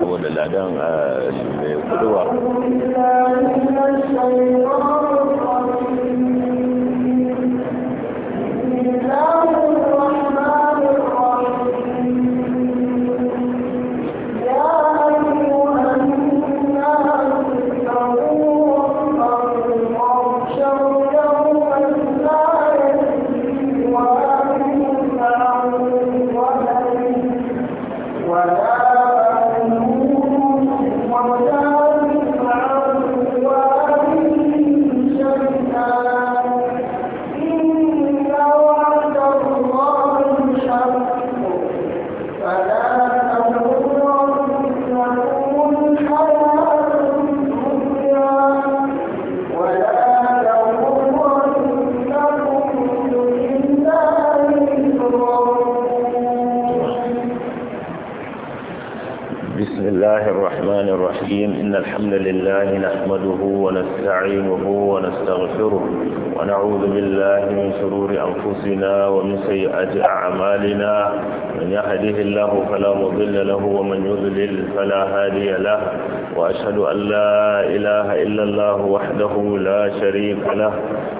saboda ladan a ah, mai kuduwa يهده الله فلا مضل له ومن يضلل فلا هادي له وأشهد أن لا إله إلا الله وحده لا شريك له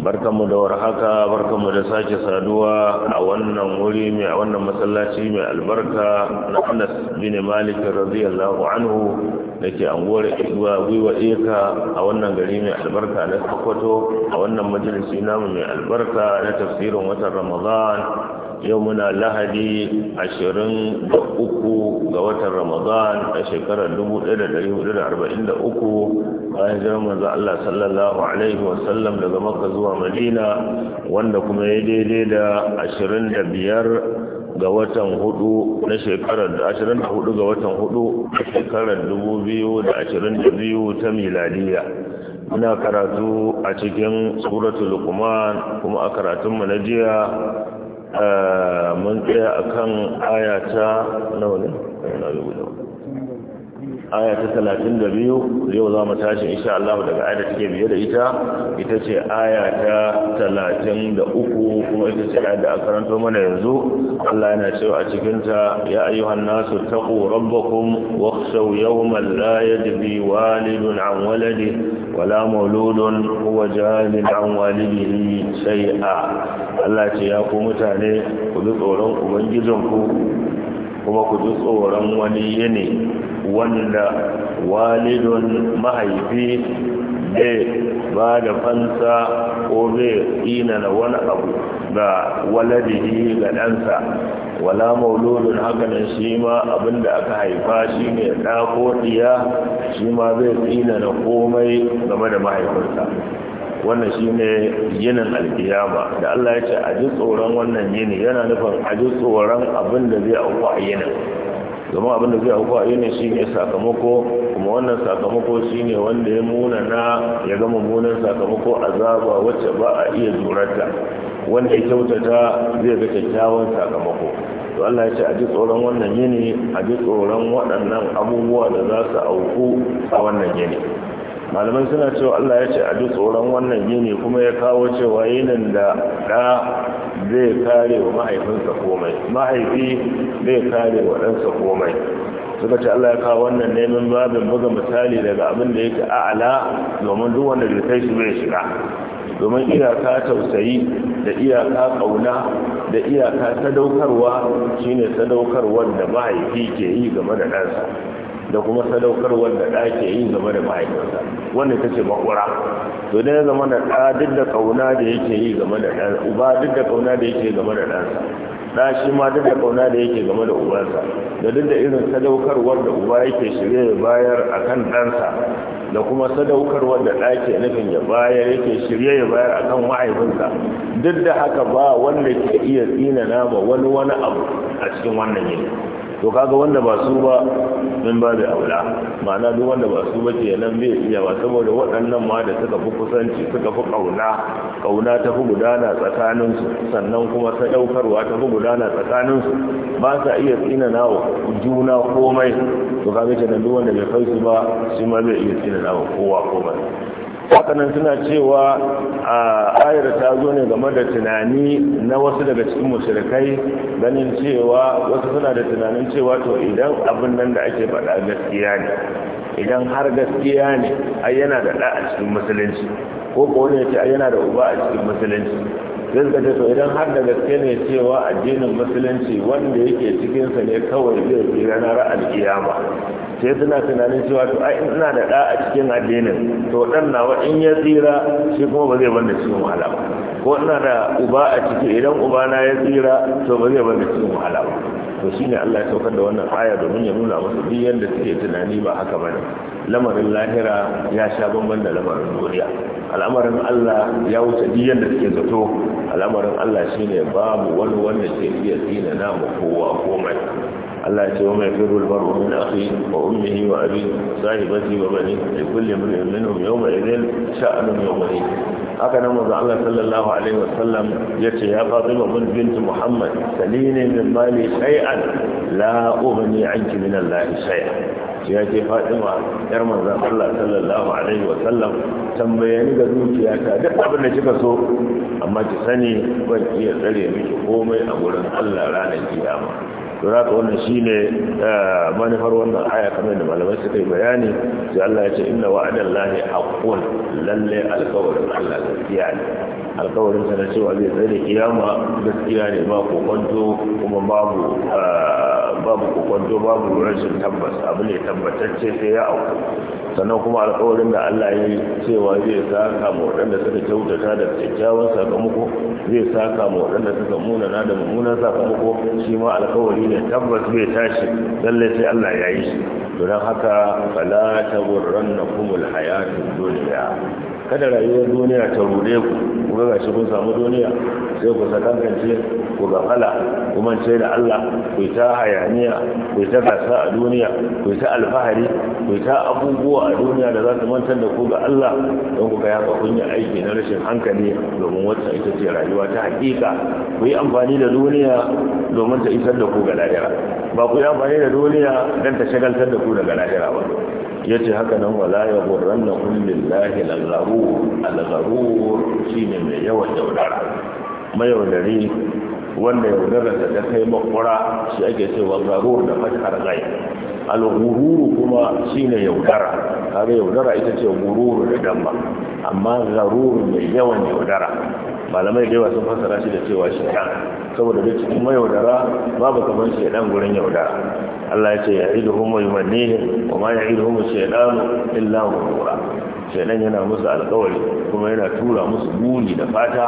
barkanmu da warhaka barkanmu da sake saduwa a wannan wuri mai a wannan masallaci mai albarka na Anas bin Malik radiyallahu anhu dake anguwar Igwa Gwiwa Eka a wannan gari mai albarka na Sokoto a wannan majalisi namu mai albarka na tafsirin watan Ramadan yau muna lahadi ashirin da uku ga watan ramadan a shekarar dubu ɗaya da da da hudu arba'in uku bayan jiran manzo Allah sallallahu alaihi wasallam daga makka zuwa madina wanda kuma ya daidai da ashirin da biyar ga watan hudu na shekarar ashirin da hudu ga watan hudu na shekarar dubu biyu da ashirin da biyu ta miladiya muna karatu a cikin suratul luqman kuma a karatunmu na jiya Eh, mun tsaya akan ayata nawa ne na rubuta aya ta talatin da biyu yau za mu tashi insha Allah daga aya da take biye da ita ita ce aya ta talatin da uku kuma ita ce aya da aka karanto mana yanzu Allah yana cewa a cikinta ya ayyuhan nasu taqu rabbakum wakhshaw yawman la yajzi walidun an waladi wala mauludun huwa jazin an walidihi shay'a Allah ce ya ku mutane ku bi tsoron ubangijinku kuma ku ji tsoron wani yini wanda walidun mahaifi bai ba da fansa ko bai ina na wani abu ga waladihi ga ɗansa wala mauludun hakanan shi ma abinda aka haifa shi ne ɗa ko ɗiya shi ma zai tsina na komai game da mahaifinsa wannan shine yinin alkiyama da Allah ya ce a ji tsoron wannan yini yana nufin a ji tsoron abin da zai auku a yinin zama abin da zai auku a yinin shine sakamako kuma wannan sakamako shine wanda ya muna na ya gama munan sakamako azaba wacce ba a iya zurarta wanda ya kyautata zai ga kyakkyawan sakamako to Allah ya ce a ji tsoron wannan yini a ji tsoron waɗannan abubuwa da za su auku a wannan yini malaman suna cewa Allah ya ce a duk tsoron wannan yini kuma ya kawo cewa yinin da ɗa zai kare wa mahaifinsa komai mahaifi zai kare wa ɗansa komai suka ce Allah ya kawo wannan neman babin buga misali daga abin da yake a'ala domin duk wanda bai kai shi bai shiga domin iyaka tausayi da iyaka ƙauna da iyaka sadaukarwa shine sadaukarwar da mahaifi ke yi game da ɗansa da kuma sadaukarwar da ɗa ke yi game da ma'aikata wanda ta ce makura to ne ya zama da ɗa duk da ƙauna da yake yi game da ɗansa uba duk da ƙauna da yake game da ɗansa ɗa shi ma duk da ƙauna da yake game da ubansa da duk da irin sadaukarwar da uba yake shirye ya bayar a kan ɗansa da kuma sadaukarwar da ɗa ke nufin ya bayar yake shirye ya bayar a kan mahaifinsa duk da haka ba wanda ke iya tsinana ma wani wani abu a cikin wannan yini to kaga wanda ba su ba min ba da aula ma'ana duk wanda ba su ba kenan bai iya ba saboda waɗannan ma da suka fi kusanci suka fi kauna kauna ta fi gudana tsakanin su sannan kuma ta daukarwa ta fi gudana tsakanin su ba sa iya tsinana wa juna komai to kaga kenan duk wanda bai kai su ba shi ma bai iya tsinana wa kowa komai hakanan suna cewa a ayar ta zo ne game da tunani na wasu daga cikin mushrikai ganin cewa wasu suna da tunanin cewa to idan abin nan da ake faɗa gaskiya ne idan har gaskiya ne ai yana da ɗa a cikin musulunci ko ko ne ce ai yana da uba a cikin musulunci sai ka ce to idan har da gaske ne cewa addinin musulunci wanda yake cikinsa ne kawai zai fi ranar alkiyama sai suna tunanin cewa to ai ina da ɗa a cikin addinin to dan nawa in ya tsira shi kuma ba zai banda cikin wahala ba ko ina da uba a ciki idan uba na ya tsira to ba zai banda cikin wahala ba to shine Allah ya saukar da wannan aya domin ya nuna musu duk yanda suke tunani ba haka bane lamarin lahira ya sha bamban da lamarin duniya al'amarin Allah ya wuce duk yanda suke zato al'amarin Allah shine babu wani wanda ke iya tsina namu kowa komai Allah ya ce wa mai firul bar'u min akhi wa ummihi wa abi sahibati wa bani li kulli imrin minhum yawma idhin sha'nun yawmi haka nan manzo Allah sallallahu alaihi wa sallam yace ya Fatima bint Muhammad salini min mali ya ce yar manzan Allah sallallahu alaihi wa sallam tambayeni ga zuciyata ta duk abin da kika so amma ki sani ban iya tsare miki komai a gurin Allah ranar kiyama don ta wannan shi ne eh, manufar wannan aya kamar da malamai suka yi bayani sai Allah ya ce inna wa'adan lahi haqqun lalle alƙawarin Allah gaskiya ne alƙawarin sa na cewa zai tsaye da kiyama gaskiya ne ba ko kwanto kuma babu eh, babu kwanto babu rashin tabbas abu ne tabbatacce sai ya auku sannan kuma alƙawarin da Allah ya yi cewa zai saka mu waɗanda suka kyautata da kyakkyawan sakamako zai saka mu waɗanda suka munana da mummunan sakamako shi ma alƙawari ne tabbas bai tashi lalle sai Allah ya yi shi don haka fala kumul hayatud dunya kada rayuwar duniya ta rude ku kuma ga shi kun samu duniya sai ku sakankance ku gafala ku mance da Allah ku ta hayaniya ku ta gasa a duniya ku ta alfahari ku ta abubuwa a duniya da za su mantar da ku ga Allah don ku ga haka kun yi aiki na rashin hankali domin wata ita ce rayuwa ta hakika ku yi amfani da duniya domin ta isar da ku ga lahira ba ku yi amfani da duniya don ta shagaltar da ku daga lahira ba yace haka nan wala ya gurranna kullillahi al-gharur al-gharur shine mai yawan yaudara mayaudari wanda yaudara da ta kai makura shi ake cewa gharur da fatar gai al kuma shine yaudara kare yaudara ita ce gururu da damma amma gharur mai yawan yaudara malamai da yawa sun fassara shi da cewa shaitan saboda duk cikin mayaudara babu kamar shaitan gurin yaudara Allah ya ce ya idu humu yumannihim wa ma ya idu humu shaitan illa ghurura shaitan yana musu alƙawari kuma yana tura musu buni da fata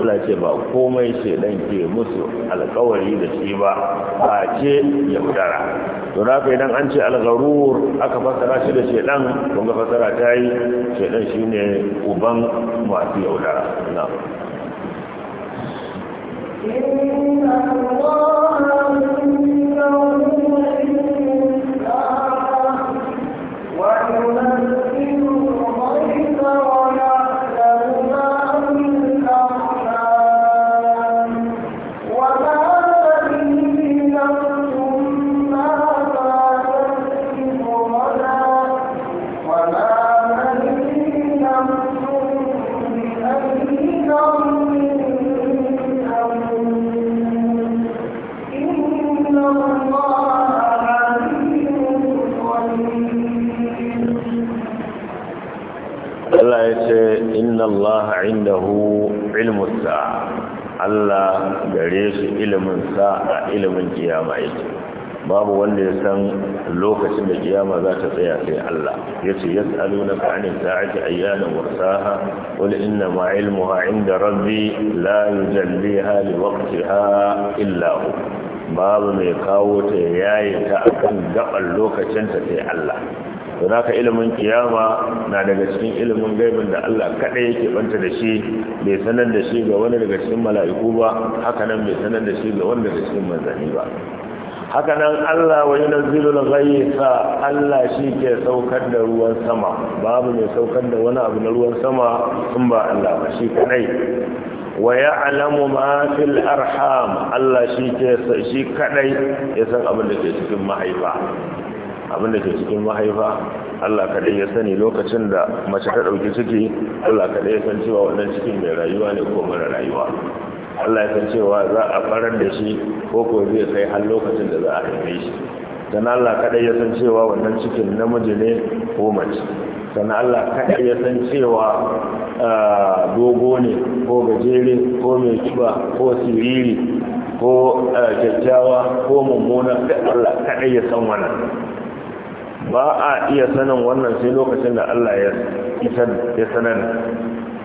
Allah ya ce ba komai shaitan ke musu alƙawari da shi ba ba ce yaudara don haka idan an ce algarur aka fassara shi da shaitan kun ga fassara ta yi shi shine uban masu yaudara na إن الله Allah gare shi ilimin sa a ilimin kiyama yake babu wanda ya san lokacin da kiyama za ta tsaya sai Allah yace yas'alunaka 'ani sa'ati ayyana mursaha qul inna ma 'ilmuha 'inda rabbi la yujalliha liwaqtiha illa hu babu mai kawo ta yayin ta akan gaban lokacin ta sai Allah to ka ilimin kiyama na daga cikin ilimin gaibin da Allah kada yake banta da shi bai sanar da shi ga wani daga cikin mala'iku ba haka nan bai sanar da shi ga wani daga cikin manzanni ba haka nan Allah wa yunzilu al-ghaytha Allah shi ke saukar da ruwan sama babu mai saukar da wani abu na ruwan sama in ba Allah ba shi kadai wa ya'lamu ma fil arham Allah shi ke shi kadai ya san abin da ke cikin mahaifa abin da ke cikin mahaifa Allah kaɗai ya sani lokacin da mace ta ɗauki ciki Allah kaɗai ya san cewa wannan cikin mai rayuwa ne ko mara rayuwa Allah ya san cewa za a farar da shi ko ko zai kai har lokacin da za a haife shi dan Allah kaɗai ya san cewa wannan cikin namiji ne ko mace dan Allah kaɗai ya san cewa dogo ne ko gajere ko mai kiba ko siriri ko kyakkyawa ko mummuna da Allah kaɗai ya san wannan ba a iya sanin wannan sai lokacin da Allah ya sanar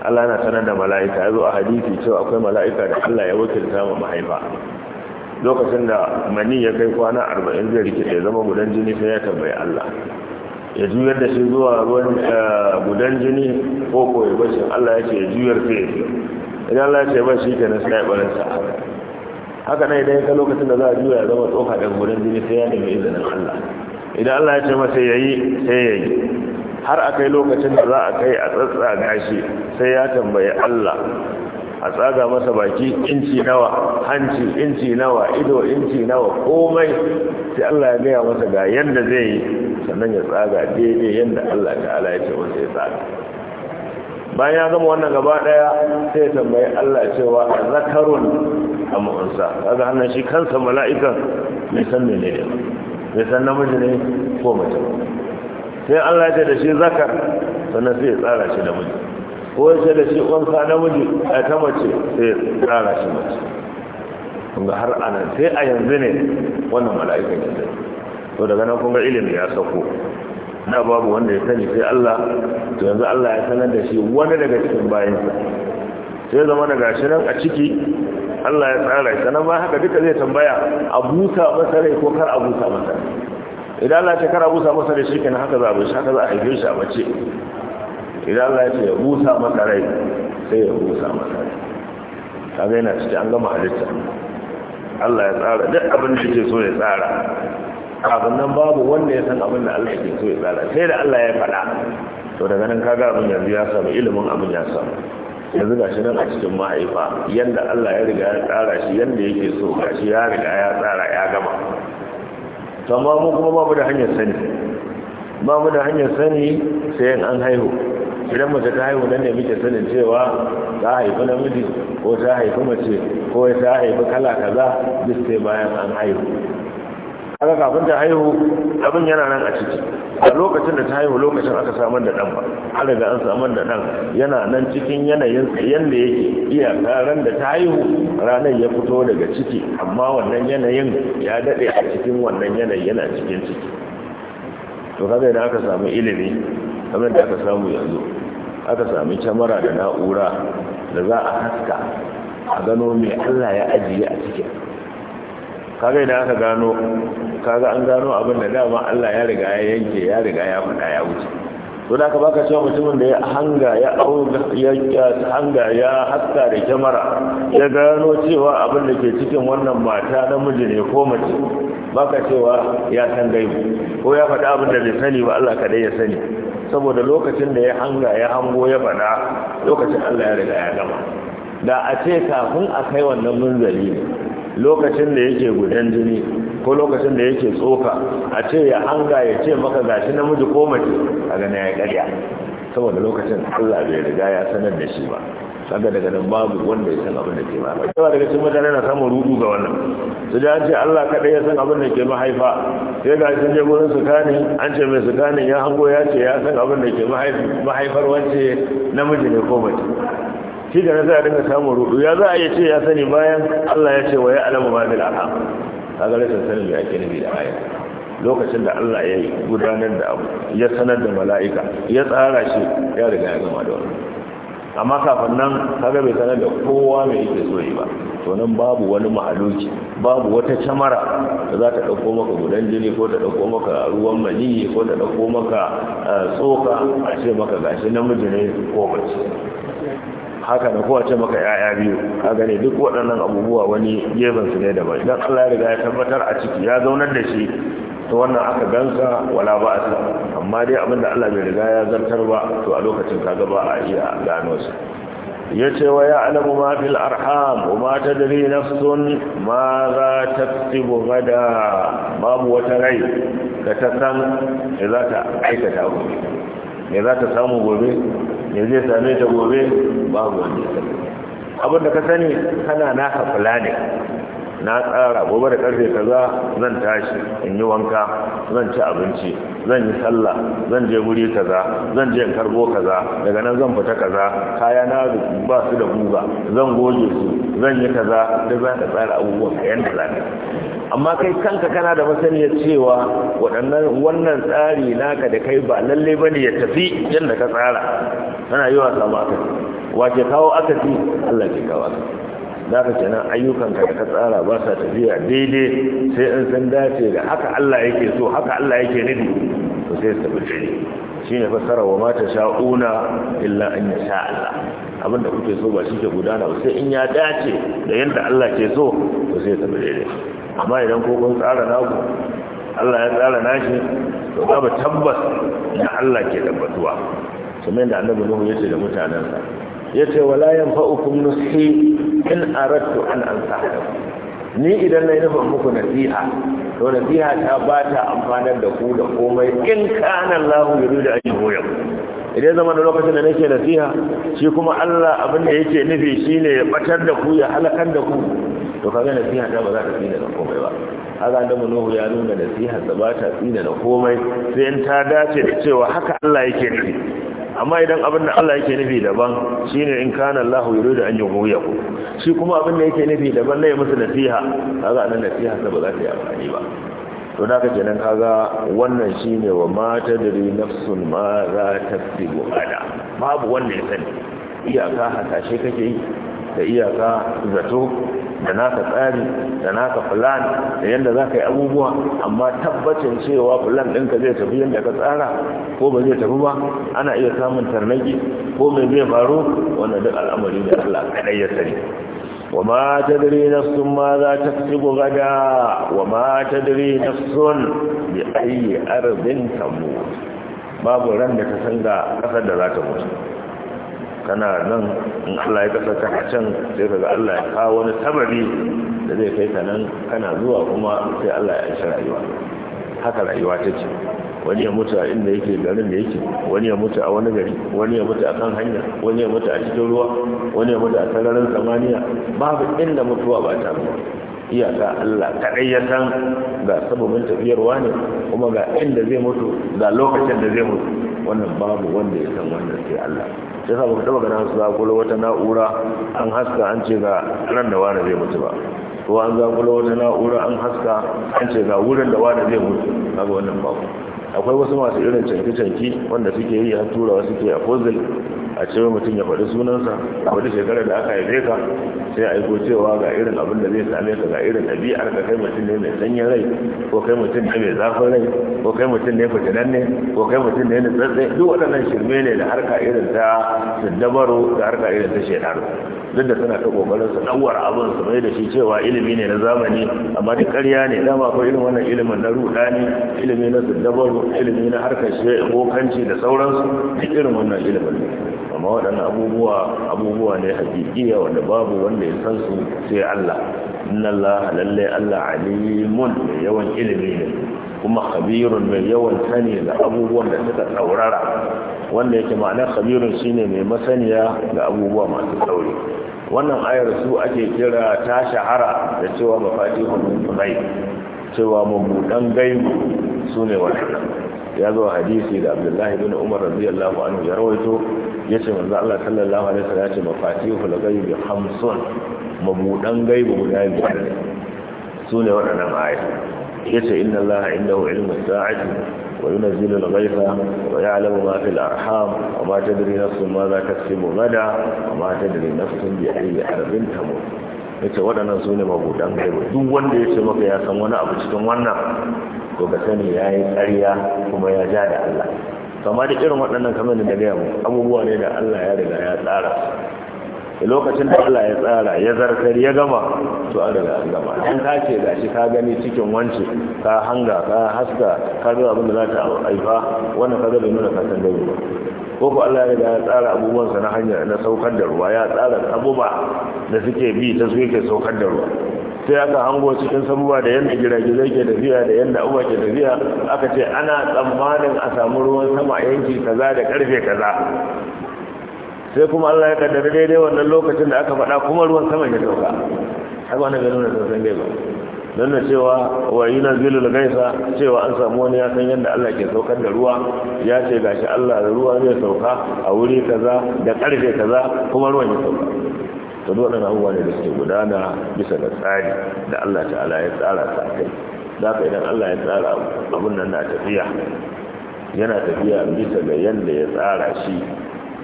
Allah na sanar da mala'ika ya zo a hadisi cewa akwai mala'ika da Allah ya wakilta ma mahaifa lokacin da mani ya kai kwana arba'in zai rike ya zama gudan jini sai ya tambayi Allah ya juyar da shi zuwa eh, gudan jini ko koyi bashin Allah ya ce ya juyar sai ya fi? idan Allah ya ce ba shi kenan sai ya barin sa haka haka nan idan ya ka lokacin da za a juya ya zama tsoka daga gudan jini sai ya nemi izinin Allah idan Allah ya ce masa yayi sai yayi har akai lokacin da za a kai a tsatsaga shi sai ya tambayi Allah a tsaga masa baki inci nawa hanci inci nawa ido inci nawa komai sai Allah ya gaya masa ga yadda zai yi sannan ya tsaga daidai yanda Allah ta'ala ya ce masa ya tsaga bayan ya gama wannan gaba daya sai ya tambayi Allah cewa zakarun amma unsa kaga hannun shi kansa mala'ikan mai san menene Sai san namiji ne ko mace sai Allah ya da shi zakar sannan sai ya tsara shi namiji ko ya ce da shi sa namiji a ta mace sai ya tsara shi mace kunga har anan sai a yanzu ne wannan mala'ika ne to daga nan ga ilimi ya sauko na babu wanda ya sani sai Allah to yanzu Allah ya sanar da shi wani daga cikin bayansa sai zama daga shi nan a ciki Allah ya tsara shi nan ba haka duka zai tambaya a busa masa rai ko kar a busa masa idan Allah ya ce kar a busa masa rai shikenan haka za a shi haka za a haife shi a mace idan Allah ya ce ya busa masa rai sai ya busa masa rai zai na cikin an gama halitta Allah ya tsara duk abin da yake so ya tsara abin nan babu wanda ya san abin da Allah yake so ya tsara sai da Allah ya faɗa to daga nan kaga abin yanzu ya samu ilimin abin ya samu yanzu ga shi nan a cikin mahaifa yadda Allah ya riga ya tsara shi yadda yake so ga shi ya riga ya tsara ya gama to amma mu kuma babu da hanyar sani babu da hanyar sani sai an haihu idan mace ta haihu nan ne muke sanin cewa ta haifi namiji ko ta haifi mace ko ta haifi kala kaza duk sai bayan an haihu kaga kafin ta haihu abin yana nan a ciki a lokacin da ta haihu lokacin aka samar da dan ba har an samar da dan yana nan cikin yanayin tsayen da yake iya karan da ta haihu ranar ya fito daga ciki amma wannan yanayin ya dade a cikin wannan yanayin yana cikin ciki to kaga idan aka samu ilimi kamar da aka samu yanzu aka sami kyamara da na'ura da za a haska a gano mai Allah ya ajiye a cikin kaga idan aka gano kaga an gano abin da dama Allah ya riga ya yanke ya riga ya faɗa ya wuce to da aka baka cewa mutumin da ya hanga ya auga ya hanga ya haska da kyamara ya gano cewa abin da ke cikin wannan mata namiji ne ko mace baka cewa ya san gaibu ko ya fada abin da bai sani ba Allah kaɗai ya sani saboda lokacin da ya hanga ya hango ya faɗa lokacin Allah ya riga ya gama da a ce kafin a kai wannan munzali ne lokacin da yake gudan jini ko lokacin da yake tsoka a ce ya hanga ya ce maka gashi namiji ko mace a gane ya karya saboda lokacin Allah bai riga ya sanar da shi ba saboda daga nan babu wanda ya san abin da ke ba yawa daga cikin mutane na samun rudu ga wannan su ji an ce Allah kaɗai ya san abin da ke mahaifa sai ga shi je gurin sukani an ce mai sukanin ya hango ya ce ya san abin da ke mahaifar wance namiji ne ko mace shi da za a dinga samun rudu ya za a iya ce ya sani bayan Allah ya ce wa ya alamu ma bil arham ga rashin sanin me ake nabi da aya lokacin da Allah ya gudanar da abu ya sanar da mala'ika ya tsara shi ya riga ya gama da wannan amma kafin nan kaga bai sanar da kowa mai yake so yi ba to nan babu wani mahaluki babu wata camara da za ta ɗauko maka gudan jini ko ta ɗauko maka ruwan maniyi ko ta ɗauko maka eh, tsoka a ce maka gashi namiji ne ko mace haka da kowace maka yaya biyu a gane duk waɗannan abubuwa wani gefen su da bai idan Allah ya riga ya tabbatar a ciki ya zaunar da shi ta wannan aka gansa wala ba a amma dai abinda Allah bai riga ya zartar ba to a lokacin kaga ba a iya gano su ya ce wa alamu ma fil arham wa ma tadri nafsun ma za taktibu gada babu wata rai ka ta san me za ta aikata gobe me za ta samu gobe ne zai same ta gobe babu wani ya abin da ka sani kana na hafila ne na tsara gobe da karfe kaza zan tashi in yi wanka zan ci abinci zan yi sallah zan je wuri kaza zan je in karbo kaza daga nan zan fita kaza kaya na ba su da guga zan goge su zan yi kaza da za ka tsara abubuwan ka yanda za ka amma kai kanka kana da masaniyar cewa waɗannan wannan tsari naka da kai ba lalle bane ya tafi yadda ka tsara tana yi wa samu akasi wace kawo aka akasi Allah ke kawo akasi da ka kenan ayyukan ka da ka tsara ba sa tafiya daidai sai in san dace da haka Allah yake so haka Allah yake nidi to sai su tafi daidai ne fassara wa mata sha'una illa an sha Allah abin da kuke so ba shi ke gudana ba sai in ya dace da yadda Allah ke so to sai ta daidai amma idan ko kun tsara naku Allah ya tsara nashi to ba tabbas da Allah ke tabbatuwa kamar da annabi nuhu yace da mutanansa yace wala yanfa'ukum nushi in aradtu an ansahu ni idan nayi yi nufin muku nasiha to nasiha ta ba ta amfanar da ku da komai in kana Allah yuri da idan zama da lokacin da nake nasiha shi kuma Allah abin da yake nufi shine ya batar da ku ya halakar da ku to kaga nasiha ta ba za ta tsina da komai ba haka annabi Nuhu ya nuna nasiha ta ba ta tsina da komai sai in ta dace da cewa haka Allah yake nufi amma idan abin da Allah yake nufi daban shine in kana Allah yuridu an yi ku shi kuma abin da yake nufi daban ne musu nasiha kaga anan nasiha ta ba za ta yi amfani ba to da ka kenan kaga wannan shine wa ma tadri nafsun ma za ta babu wannan ya sani iyaka hasashe kake yi da iyaka zato da naka tsari da naka plan da yadda za ka yi abubuwa amma tabbacin cewa plan ɗinka zai tafi yadda ka tsara ko ba zai tafi ba ana iya samun tarnaki ko mai zai faru wanda duk al'amari da Allah kaɗai ya sani wa ma ta dare nafsun ma za ta fi gada wa ma ta dare nafsun bi ayi arzin tamu babu ran da ta san ga ƙasar da za ta mutu tana nan in Allah ya kasa a can sai kaga Allah ya kawo wani sabari da zai kai ka nan kana zuwa kuma sai Allah ya aisha rayuwa haka rayuwa ta ce wani ya mutu a inda yake garin da yake wani ya mutu a wani gari wani ya mutu a kan hanya wani ya mutu a cikin ruwa wani ya mutu a sararin samaniya babu inda mutuwa ba ta zuwa iyaka Allah kadai ya san ga sabobin tafiyarwa ne kuma ga inda zai mutu ga lokacin da zai mutu wannan babu wanda ya san wannan sai Allah sai sa ku taba ganin ku wata na'ura an haska an ce ga ran da wani zai mutu ba ko an ku wata na'ura an haska an ce ga wurin da wani zai mutu kaga wannan babu akwai wasu masu irin canke canki wanda suke yi a turawa suke a fozil a ce mutum ya faɗi sunansa a wata shekarar da aka haife ka sai a aiko cewa ga irin abin da zai same ka ga irin ɗabi'ar ka kai mutum ne mai sanyin rai ko kai mutum ne mai zafin rai ko kai mutum ne fitinan ne ko kai mutum ne na tsatsai duk waɗannan shirme ne da harka irin ta dabaru da harka irin ta shekaru duk tana ta kokarin su dawar abin su mai da shi cewa ilimi ne na zamani amma duk ƙarya ne dama ko irin wannan ilimin na rudani ilimi na dabaru ilimi na harkar shi bokanci da sauransu duk irin wannan ilimin ne amma waɗannan abubuwa abubuwa ne hakikiya wanda babu wanda ya san su sai Allah inna Allah lalle Allah alimun mai yawan ilimi ne kuma khabirun mai yawan sani da abubuwan da suka tsaurara wanda yake ma'anar khabirun shine mai masaniya ga abubuwa masu tsauri wannan ayar su ake kira ta shahara da cewa mafatihun ghaib cewa mabudan gaibu ne wannan ya zo hadisi da Abdullahi bin Umar radiyallahu anhu ya rawaito ya ce manzo Allah sallallahu alaihi wasallam ya ce mafatihul ghaib khamsun mabudan gaibu guda biyar ne waɗannan ayar yace inna allaha indahu ilmu sa'ati wa yunzilu al-ghaytha wa ya'lamu ma fil arham wa ma tadri nafsun ma za taksibu gada wa ma tadri nafsun bi ayyi harbin tamut yace waɗannan su ne mabudan gaibu duk wanda ya ce maka ya san wani abu cikin wannan to ka sani ya yi ƙarya kuma ya ja da Allah kama da irin waɗannan kamar da gaya mu abubuwa ne da Allah ya daga ya tsara lokacin da Allah ya tsara ya zarkar ya gama to an daga gama in ka ce gashi ka gani cikin wance ka hanga ka haska ka zo abin da za ta haifa wannan ka zo da nuna ka san dai ko ko Allah ya ya tsara abubuwan sa na hanya na saukar da ruwa ya tsara abubuwa da suke bi ta su yake saukar da ruwa sai aka hango cikin sabuwa da yadda zai ke tafiya da yadda uba ke tafiya aka ce ana tsammanin a samu ruwan sama yanki kaza da karfe kaza sai kuma Allah ya kaddara daidai wannan lokacin da aka faɗa kuma ruwan sama ya dauka haka wannan bai nuna sosan gai ba don na cewa wa yi na zilul gaisa cewa an samu wani ya san yadda Allah ke saukar da ruwa ya ce gashi Allah da ruwa zai sauka a wuri kaza da karfe kaza kuma ruwan ya sauka to duk waɗannan abubuwa ne da suke gudana bisa ga tsari da Allah ta'ala ya tsara ta kai da ka idan Allah ya tsara abun nan na tafiya yana tafiya bisa ga yadda ya tsara shi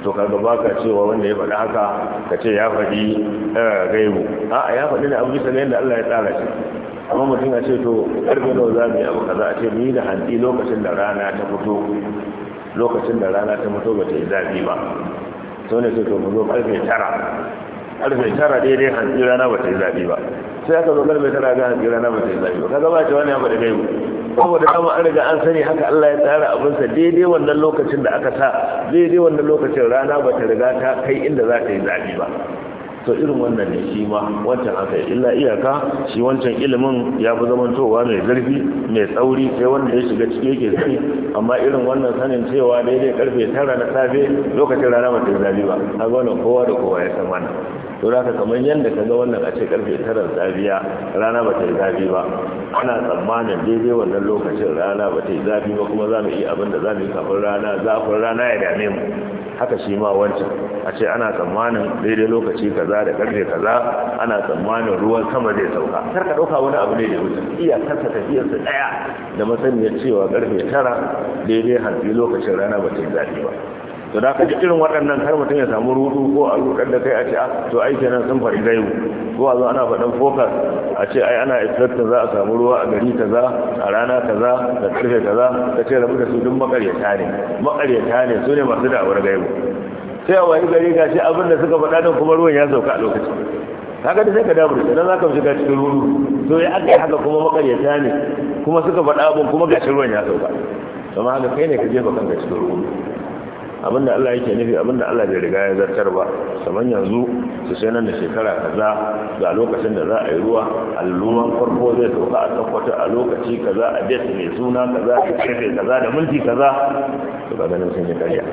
to kaga ba ka cewa wanda ya faɗi haka ka ce ya faɗi eh, gaibu a ya faɗi ne abu bisa ga yadda Allah ya tsara shi amma mutum a ce to karfe nawa za mu yi abu kaza a ce ni da hanti lokacin da rana ta fito lokacin da rana ta fito ba ta yi zafi ba sau ne ce to mu zo karfe tara karfe tara daidai hanti rana ba ta yi zafi ba sai aka zo karfe tara ga hanti rana ba ta yi zafi ba kaga ba ce wani ya faɗi gaibu saboda dama an riga an sani haka Allah ya tsara abinsa daidai wannan lokacin da aka sa daidai wannan lokacin rana ba ta riga ta kai inda za ta yi zaɓi ba to irin wannan ne shi ma wancan aka illa iyaka shi wancan ilimin ya fi zamantowa mai zarfi mai tsauri sai wanda ya shiga ciki yake sani amma irin wannan sanin cewa daidai karfe tara na safe lokacin rana ba ta yi zaɓi ba kaga wannan kowa da kowa ya san wannan to da kamar yadda ka ga wannan a ce karfe tara zafiya rana ba ta yi zafi ba ana tsammanin daidai wannan lokacin rana ba ta yi zafi ba kuma za mu iya abin da za mu yi kafin rana zafin rana ya dame mu haka shi ma wancan a ce ana tsammanin daidai lokaci kaza da karfe kaza ana tsammanin ruwan sama zai sauka kar ka ɗauka wani abu ne da wuce iya karka tafiyarsa ɗaya da masaniyar cewa karfe tara daidai hanzi lokacin rana ba ta yi zafi ba to da ka ji irin waɗannan har mutum ya samu rudu ko a rudar da kai a ce ah, to ai kenan sun faɗi gaibu ko a zo ana faɗin focus a ce ai ana expecting za a samu ruwa a gari kaza a rana kaza da karfe kaza ka ce rabu da su duk makaryata ne makaryata ne su ne masu da'awar gaibu sai a wani gari ga shi abin da suka faɗa don kuma ruwan ya sauka a lokacin kaga da sai ka damu idan za ka shiga cikin rudu to ya aka yi haka kuma makaryata ne kuma suka faɗa abin kuma ga shi ruwan ya sauka amma haka kai ne ka jefa kanka cikin rudu abinda Allah yake nufi abinda Allah bai riga ya zartar ba saman yanzu su sai nan da shekara kaza ga lokacin da za a yi ruwa alluman farko zai sauka a tabbata a lokaci kaza a date mai suna kaza da kaza da mulki kaza to ga ganin sun yi karya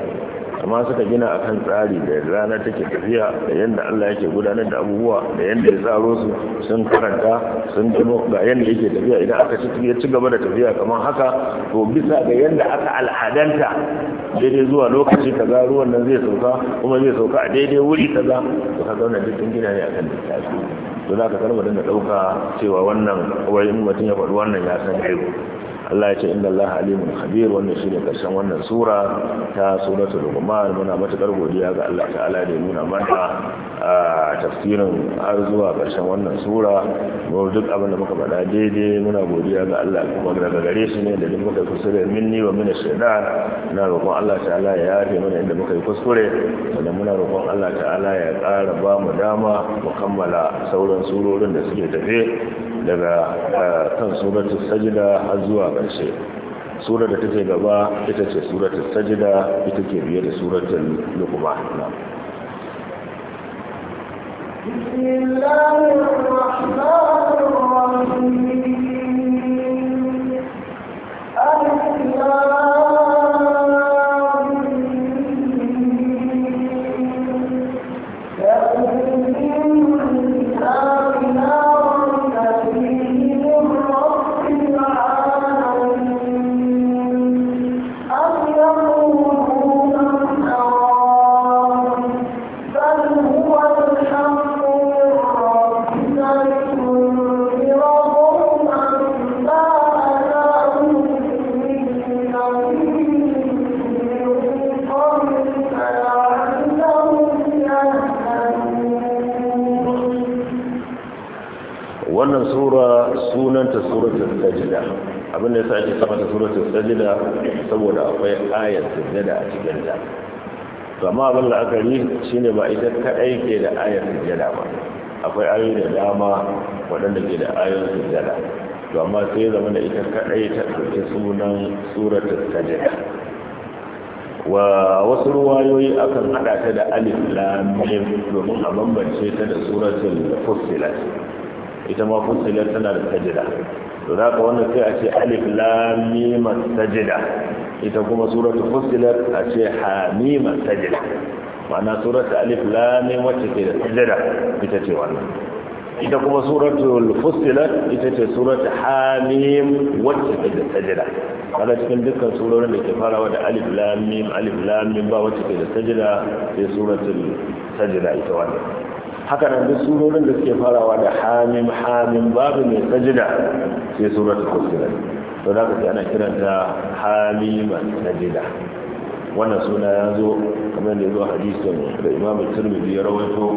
amma suka gina akan tsari da rana take tafiya da yadda Allah yake gudanar da abubuwa da yadda ya tsaro su sun karanta sun tuno ga yadda yake tafiya idan aka ci ya ci gaba da tafiya kamar haka to bisa ga yadda aka al'adanta daidai zuwa lokaci kaza ruwan nan zai sauka kuma zai sauka a daidai wuri kaza to ka zauna duk gina ne akan littafi to za ka karba da ɗauka cewa wannan wai mutum ya faɗi wannan ya san aibu Allah ya ce inna Allah alimun khabir wannan shine karshen wannan sura ta suratul luqman muna matakar godiya ga Allah ta'ala da nuna mana tafsirin har zuwa karshen wannan sura mu duk abin da muka faɗa daidai muna godiya ga Allah kuma daga gare shi ne da duk muka kusure minni wa min shaitan na roƙon Allah ta'ala ya yafe mana inda muka yi kuskure sannan muna roƙon Allah ta'ala ya ƙara ba mu dama mu kammala sauran surorin da suke tafe daga kan suratul sajda har zuwa karshe surar da take gaba ita ce suratul sajda ita ke biye da suratul luqman bismillahir abin la'akari ne ba ita kaɗai ke da ayar sujjada ba akwai ayoyi da dama waɗanda ke da ayoyin sujjada to amma sai zama da ita kaɗai ta ɗauki sunan ta sajda wa wasu ruwayoyi akan haɗa ta da alif lam mim domin a bambance ta da suratul fussilat ita ma fussilat tana da sajda to za ka wannan sai a ce alif lam ta sajda ita kuma suratul fussilat a ce hamim sajda ma'ana suratul alif lam wacce ke da sajada ita ce wannan ita kuma suratul fussilat ita ce suratul hamim wacce ke da sajada kaga cikin dukkan surorin da ke farawa da alif lam alif lam ba wacce ke da sajada sai suratul sajada ita wannan haka nan duk surorin da suke farawa da hamim hamim babu mai sajada sai suratul fussilat to da ka ana kiranta hamiman sajada wannan suna ya zo kamar da ya zo hadisin da imam turmidi ya rawaito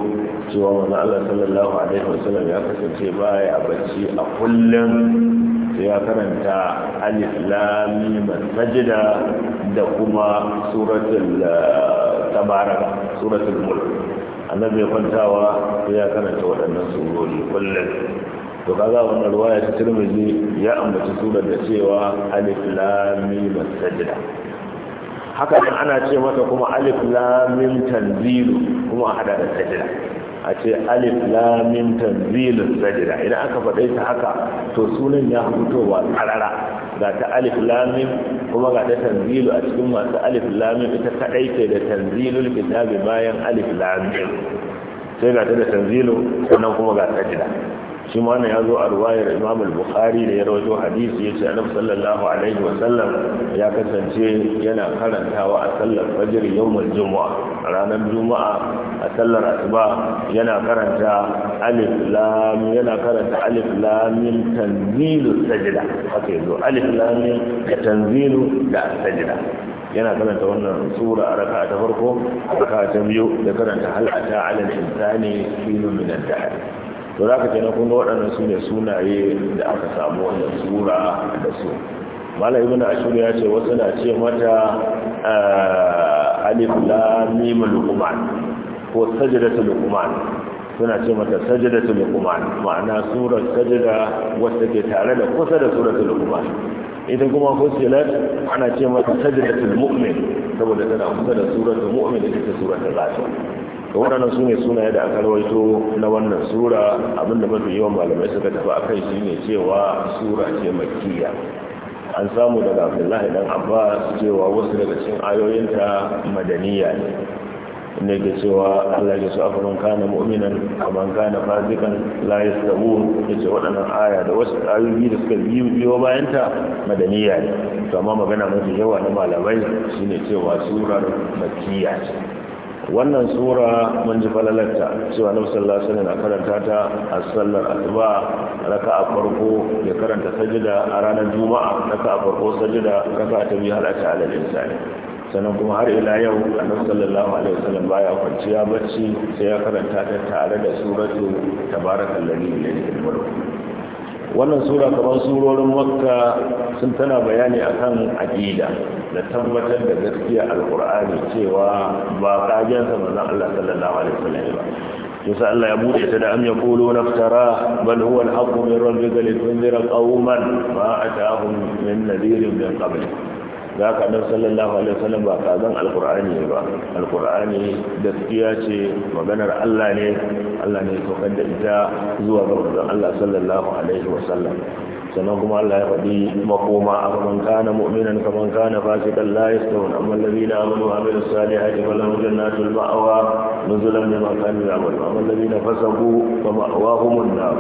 cewa manzo Allah sallallahu alaihi wasallam ya kasance baya a bacci a kullum sai ya karanta alif lam masajida da kuma suratul eh, tabaraka suratul mulk annabi ya kwantawa sai ya karanta waɗannan surori kullum to kaga wannan ruwaya ta turmidi ya ambaci surar da cewa alif lam masajida. haka nan ana ce masa kuma alif lamim tanzilu kuma a hada da sajda a ce alif lamim tanzilin sajda idan aka faɗe ta haka to sunan ya wa karara ga ta alif lamim kuma ga ta tanzilu a cikin masu alif lamim ita kadai ce da tanzilul kitabi bayan alif lamim sai ga ta da tanzilu sannan kuma ga sajda shi ma ya zo a ruwayar imam al-bukhari da ya rawaito hadisi ya ce annabi sallallahu alaihi wa sallam ya kasance yana karantawa a sallar fajr yawmul juma'a ranar juma'a a sallar asuba yana karanta alif lam yana karanta alif lam min tanzilu sajda haka yazo alif lam min tanzilu da sajda yana karanta wannan sura a raka ta farko raka ta biyu da karanta hal ata ala al-insani filun min ad-dahr to za ka kenan kun waɗannan su ne sunaye da aka samu wannan sura da su mala ibn ashur ya ce wasu na ce mata ah, alif lam mim luqman ko sajdatu lukuman. suna ce mata sajdatu lukuman, ma'ana surar sajda wacce ke tare da kusa da suratul lukuman. ita kuma fusilat ana ce mata sajdatul lukumin, saboda tana kusa da suratul mu'min ita ce suratul ghafir da waɗannan su ne sunaye da aka rawaito na wannan sura abinda mafi yawan malamai suka tafi a kai shi ne cewa sura ce makkiya an samu daga abdullahi dan abbas cewa wasu daga cikin ayoyinta madaniya ne inda ke cewa allah ya su afirin kana mu'minan a man kana fasikan la ya ce waɗannan aya da wasu ayoyi da suka biyu biyo bayan ta madaniya ne to amma magana mafi yawa na malamai shine cewa sura makkiya ce wannan sura mun ji falalarta cewa na sallallahu alaihi na karanta ta a sallar raka a farko ya karanta sajida a ranar juma'a raka a farko sajida raka ta biyu halata alal insani sannan kuma har ila yau annabi sallallahu alaihi wasallam baya kwanciya bacci sai ya karanta ta tare da suratu tabarakallazi bi yadihi mulk wannan sura kamar surorin makka sun tana bayani akan aqida da tabbatar da gaskiya alqur'ani cewa ba kajansa manzon Allah sallallahu alaihi wasallam ba yasa Allah ya bude ta da am yaquluna naftara bal huwa al-haqqu min rabbika litunzira qauman ma atahum min nadirin min qablik za ka dan sallallahu alaihi wasallam ba ka al'kur'ani alqur'ani ba alqur'ani gaskiya ce maganar Allah ne Allah ne ya saukar da ita zuwa ga Allah sallallahu alaihi wasallam sannan kuma Allah ya faɗi makoma a kaman kana mu'minan kaman kana fasikan la yastawun amma alladhina amanu wa amilus salihati falahum jannatul ma'wa nuzulan bima kanu ya'malun amma alladhina fasaqu fa ma'wahumun nar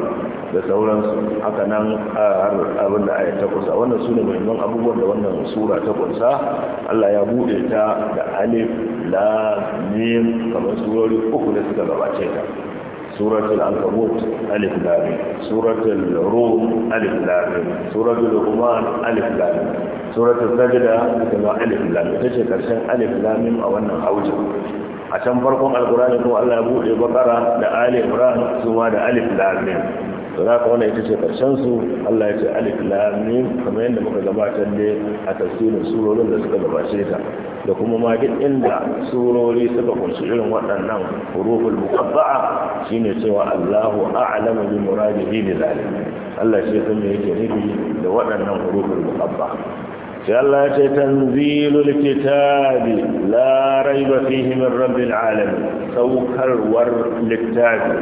da sauransu haka nan har abin da ayat ta kusa wannan sune muhimman abubuwan da wannan sura ta kunsa Allah ya bude ta da alif lam mim kamar surori uku da suka gabace ta سورة العنكبوت ألف لام سورة الروم ألف لام سورة الرحمن ألف لام سورة السجدة كما ألف لام تشي كرشن ألف لام أو أنه أوجه عشان فرقم القرآن هو الله يقول بقرة ده آل عمران سوى ده ألف لام da za wani ita ce karshen su allah ya ce alif lamin kamar yadda muka gabatar ne a tasirin surorin da suka gabace ta da kuma ma duk inda surori suka kunshi irin waɗannan huruful muqabba'a shine cewa Allahu a'lamu bi muradihi bi zalim Allah shi ya san me yake nufi da waɗannan huruful muqabba'a sai Allah ya ce tanzilul kitabi la raiba fihi min rabbil alamin saukarwar littafi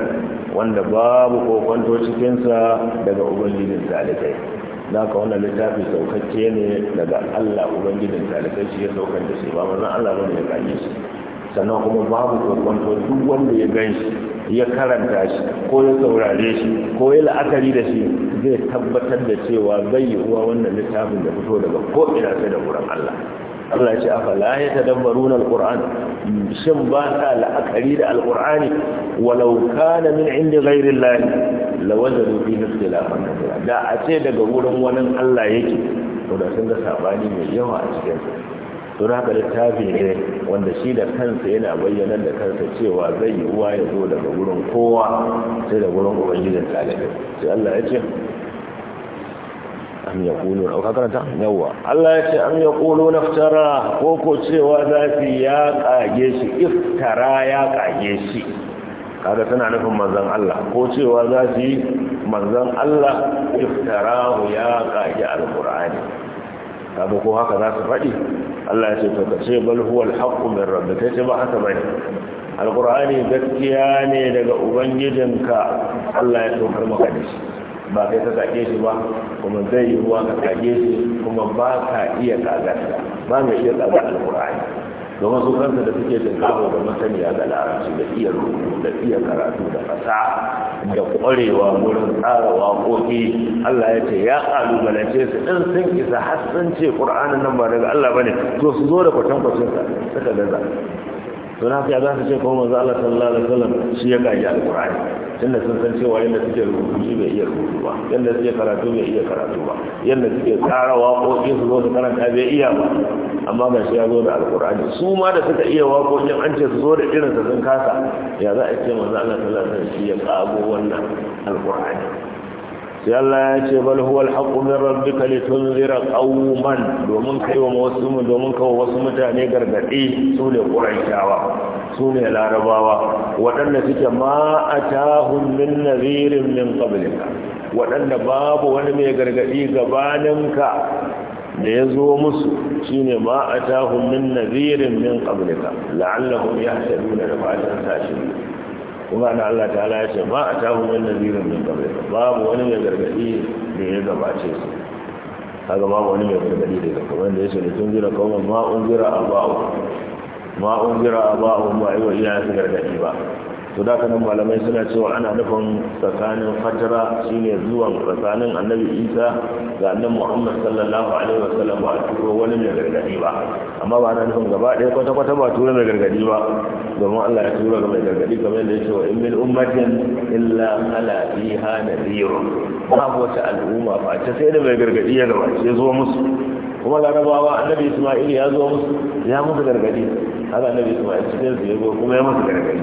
wanda babu kokonto cikin sa daga ubangijin talibai naka wannan littafi saukacce ne daga Allah ubangijin talibai shi ya saukar da shi ba manzon Allah bane ya kalle shi sannan kuma babu kwakwanto duk wanda ya gan shi ya karanta shi ko ya saurare shi ko ya la'akari da shi zai tabbatar da cewa bai uwa wannan littafin da fito daga ko ina sai da wurin Allah Allah ce afala ya tadabbaruna alquran shin ba ta la'akari da alqurani walau kana min indi ghairi Allah lawajadu fi ikhtilafan kathira da a ce daga wurin wani Allah yake to da sun ga sabani mai yawa a cikin sa don haka littafi ne wanda shi da kansa yana bayyana da kansa cewa zai yi uwa ya zo daga gurin kowa sai da gurin ubangijin talibin sai Allah ya ce am ya kulu na karanta yawa Allah ya ce am ya kulu naftara ko ko cewa zafi ya kage shi iftara ya kage shi kaga tana nufin manzon Allah ko cewa zafi manzon Allah iftara ya kage alqur'ani kaga ko haka za su faɗi Allah ya ce to kace ce bal huwa al-haqqu min rabbik ce ba haka bane alqur'ani gaskiya ne daga ubangijinka Allah ya saukar maka da shi ba kai ka sake shi ba kuma zai yi ruwa ka sake shi kuma ba ka iya kagarsa ba mai iya kagar alqur'ani domin su kansa da suke kawo da masaniya ga larabci da iya rubutu da iya karatu da fasaha da ƙwarewa wurin tsara waƙoƙi Allah ya ce ya balance su ɗin sun isa har sun ce ƙur'anin nan ba daga Allah ba ne to su zo da kwatankwacinsa sa suka gaza to na za su ce kuma manzo Allah sallallahu alaihi wasallam shi ya kage al'kurani tunda sun san cewa yadda suke rubutu shi bai iya rubutu ba yadda suke karatu bai iya karatu ba yadda suke tsara waƙoƙi su zo su karanta bai iya ba amma ga shi ya zo da alqur'ani su ma da suka iya waƙoƙin an ce su zo da irinsa sun kasa ya za a ce manzo Allah sallallahu alaihi wasallam shi ya kago wannan alqur'ani sai ya ce bal huwal haqqu min rabbika litunzira qauman domin kai wa wasu domin kai wasu mutane gargadi su ne quraishawa su ne larabawa waɗanda suke ma atahum min nadhirin min qablika wadanda babu wani mai gargadi gabaninka da ya zo musu shine ma atahum min nadhirin min qablika ya yahtaduna da fatan tashi kuma na Allah ta ya ce ba a tafi wani nazirin min qabl babu wani mai gargadi da ya gabace su kaga gaba wani mai gargadi da ya gabace da tun jira kawai ma unzira aba'u ma unzira aba'u ma yi wa iya su gargadi ba to da kanan malamai suna cewa ana nufin tsakanin fatara shine zuwa tsakanin annabi isa ga annabi muhammad sallallahu alaihi wasallam ba turo wani mai gargadi ba amma ba ana nufin gaba ɗaya kwata kwata ba tura mai gargadi ba domin allah ya tura ga mai gargadi kamar yadda ya ce wa in min ummatin illa ala fiha nadirun babu wata al'umma ba ta sai da mai gargadi ya gabace ya zo musu kuma larabawa annabi isma'il ya zo musu ya musu gargadi haka annabi ma'a cikin su kuma ya masu gargari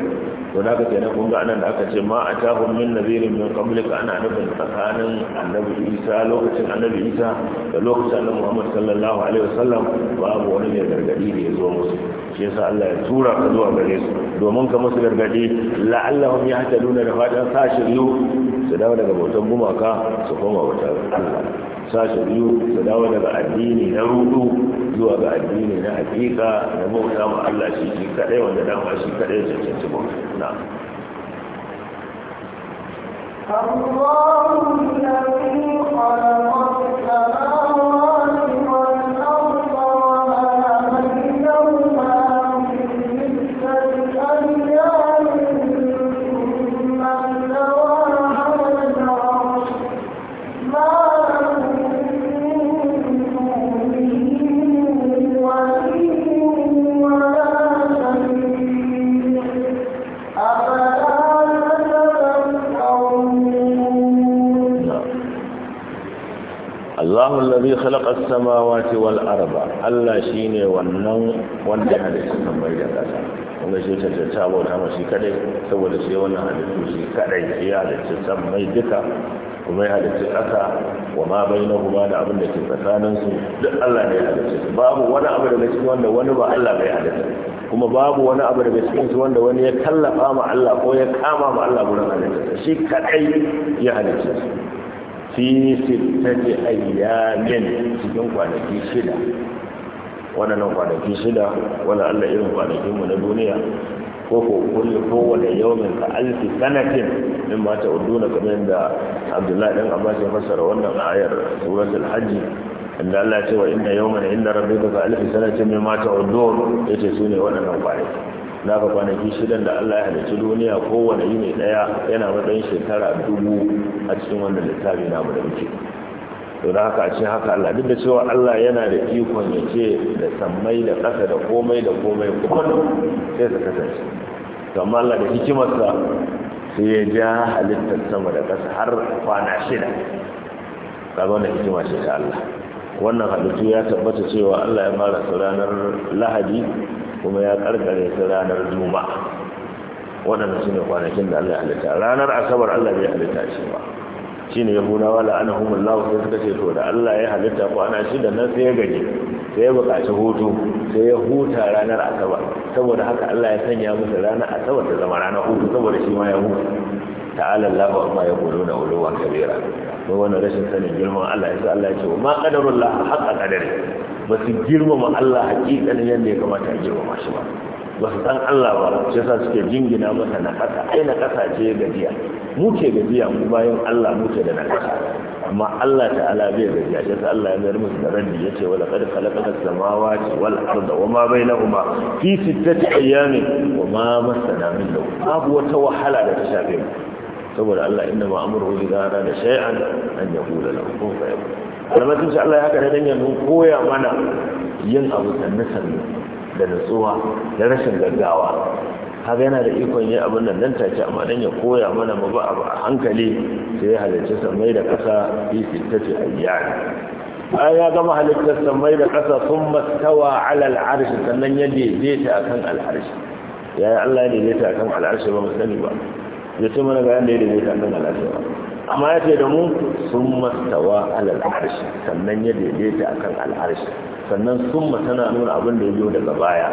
to da aka ce na kunga anan da aka ce ma tafin min nazirin min qablika ana nufin tsakanin annabi isa lokacin annabi isa da lokacin annabi muhammad sallallahu alaihi wasallam babu wani mai gargadi da ya zo musu shi yasa Allah ya tura ka zuwa gare su domin ka musu gargadi la'allahum yahtaduna da fatan sa shiryu su dawo daga bautan gumaka su koma wata Allah sashi biyu su dawo daga addini na rudu zuwa ga addini na hakika da bauta ma Allah shi shi kadai wanda dama shi kadai cancanci bauta na الله الذي allazi khalaqa as-samawati wal arda Allah shine wannan wanda ya halitta sammai da ƙasa kuma shi ta ta bauta ma shi kadai saboda shi wannan halittu shi kadai ya halitta mai duka kuma ya halitta ƙasa wa ma bainahuma da abin da ke tsakanin su duk Allah ne ya halitta babu wani abu daga cikin wanda wani ba Allah bai halitta kuma babu wani abu daga cikin su wanda wani ya kallafa ma Allah ko ya kama ma Allah gurin halitta shi kadai ya halitta fi sittati ayyamin cikin kwanaki shida waɗannan kwanaki shida wani allah irin kwanakin mu na duniya ko ko kulli kowane yawmin ka alfi sanatin min ma ta'uduna kamar da Abdullahi dan Abbas ya fassara wannan ayar suratul hajj inda Allah ya ce wa inna yawman inda rabbika ka alfi sanatin min ya ce su ne waɗannan kwanaki na ga kwanaki shidan da Allah ya halicci duniya kowane mai daya yana matsayin shekara dubu a cikin wannan littafi na mu da muke to da haka a ce haka Allah duk da cewa Allah yana da ikon ya ce da sammai da ƙasa da komai da komai kuma sai su kasance amma Allah da hikimarsa sai ya ja halittar sama da ƙasa har kwana shida ga wannan hikima ce ta Allah wannan halittu ya tabbata cewa Allah ya mara ranar Lahadi kuma ya karkare su ranar juma'a waɗanda su ne kwanakin da Allah ya halitta ranar asabar Allah bai halitta shi ba shi ne yahudawa la'anahumullahu sai suka ce to da Allah ya halitta kwana shida nan sai ya gaji sai ya buƙaci hutu sai ya huta ranar asabar saboda haka Allah ya sanya musu ranar asabar ta zama ranar hutu saboda shi ma ya huta ta'ala Allahu amma ya kulo na uluwa kabira to wannan rashin sanin girman Allah ya sa Allah ya ce ma qadarullah haqqa qadari ba su girmama Allah hakikanin yadda ya kamata a girmama shi ba ba su san Allah ba shi yasa suke jingina masa na kasa ai na kasa ce gajiya mu ke gajiya mu bayan Allah mu da na kasa amma Allah ta'ala bai gajiya shi yasa Allah ya mayar musu da rabbi ce wala qad khalaqna samawati wal arda wama bainahuma fi sittati ayamin ma masana min law abu wata wahala da ta shafe mu saboda Allah inna ma amruhu idza arada shay'an an yaqula lahu kun fayakun alamatin shi Allah ya haka na dan yanzu koya mana yin abu da sannu da nutsuwa da rashin gaggawa Haka yana da ikon yin abin nan nan take amma dan ya koya mana mu ba abu a hankali sai ya halarci samai da kasa fi tace ayyani ai ya gama halittar samai da kasa sun mastawa ala al'arshi sannan ya daidaita akan al'arshi ya Allah ya daidaita akan al'arshi ba mu sani ba ya ce mana ga yanda ya daidaita akan al'arshi ba amma ya ce da mu sun mastawa alal sannan ya daidaita akan al'arshi sannan sun tana nuna abin da ya biyo daga baya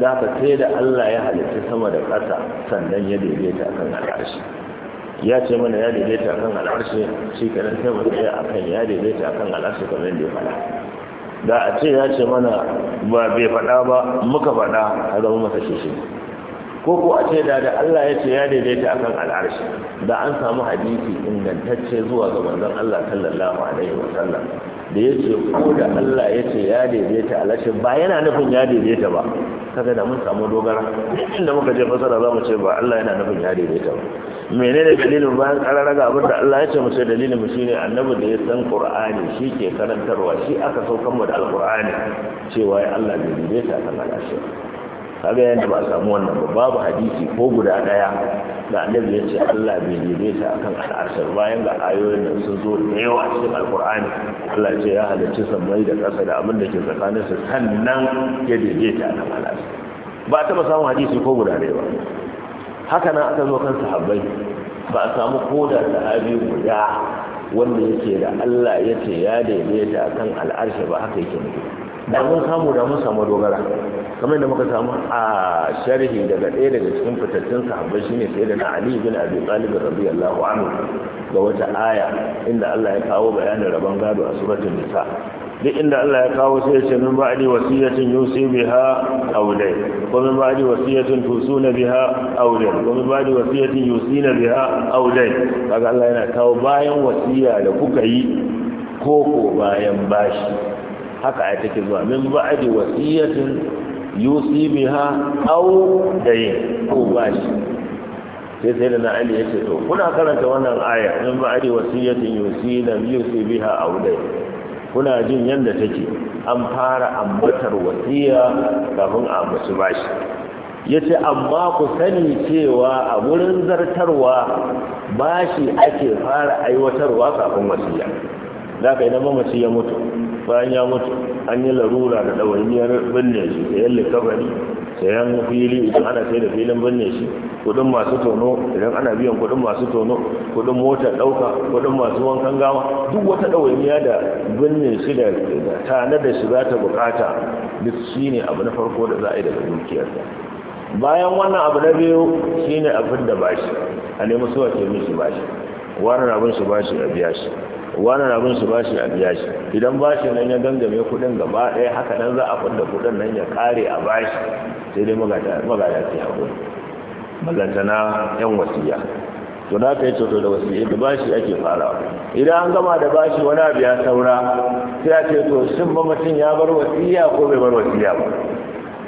za ka sai da Allah ya halitta sama da ƙasa sannan ya daidaita akan al'arshi ya ce mana ya daidaita akan al'arshi shi kanan sai mu tsaya akan ya daidaita akan al'arshi kamar da ya faɗa da a ce ya ce mana ba bai faɗa ba muka faɗa a zama masa shi ko ko a ce da da Allah ya ce ya daidaita akan al'arshi da an samu hadisi ingantacce zuwa ga manzon Allah sallallahu alaihi wa sallam da ya ce ko da Allah ya ce ya daidaita al'arshi ba yana nufin ya daidaita ba kaga da mun samu dogara inda muka je fasara za mu ce ba Allah yana nufin ya daidaita ba menene dalilin bayan kararraga abin da Allah ya ce mu ce dalilin mu shine annabi da ya san Qur'ani shi ke karantarwa shi aka saukan mu da Al-Qur'ani cewa ya Allah bai daidaita akan al'arshi kaga yanda ba samu wannan ba babu hadisi ko guda daya da annabi ya ce Allah bai jebe ta akan al'arsar bayan ga ayoyin da sun zo da yawa a cikin alkur'ani Allah ya ce ya halarci samai da ƙasa da abin da ke tsakanin su sannan ya daidaita ta akan ba ta ba samu hadisi ko guda daya ba haka nan aka zo kan sahabbai ba a samu koda sahabi guda wanda yake da Allah ya ce ya daidaita akan al'arsar ba haka yake mutu. da mun samu da mun samu dogara kamar da muka samu a sharhi daga ɗaya daga cikin fitattun sahabbai shine sai da na Ali bin Abi Talib radiyallahu anhu ga wata aya inda Allah ya kawo bayanin rabon gado a suratul nisa duk inda Allah ya kawo sai ya ce min ba'di wasiyatin yusi biha aw dai ko min ba'di wasiyatin tusuna biha aw dai ko min ba'di wasiyatin yusina biha aw dai kaga Allah yana kawo bayan wasiya da kuka yi ko ko bayan bashi haka ai take zuwa min ba'di wasiyatin yusi biha aw dayn ko bashi sai sai da na ali yace to kuna karanta wannan aya min ba'di wasiyatin yusi na yusi biha aw dayn kuna jin yanda take an fara ambatar wasiya kafin a ambaci bashi ya ce amma ku sani cewa a wurin zartarwa bashi ake fara aiwatarwa kafin wasiya za ka yi na mamaci ya mutu bayan ya mutu an yi larura da ɗawainiyar binne shi sayan likabari sayan fili idan ana sai da filin binne shi kudin masu tono idan ana biyan kudin masu tono kudin mota ɗauka kudin masu wankan gawa duk wata ɗawainiya da binne shi da tana da shi za ta bukata duk shi ne abu na farko da za a yi daga dukiyarsa bayan wannan abu na biyu shi ne abin da bashi a nemi suwa ke mishi bashi wannan abin shi bashi a biya shi wani rabin su bashi a biya shi idan bashi nan ya gangame kudin gaba ɗaya haka nan za a fadda kudin nan ya kare a bashi sai dai magada sai haƙuri mallantana yan wasiya to na ka yi coto da wasiya da bashi ake farawa idan an gama da bashi wani abu ya saura sai a ce to ba mamacin ya bar wasiya ko bai bar wasiya ba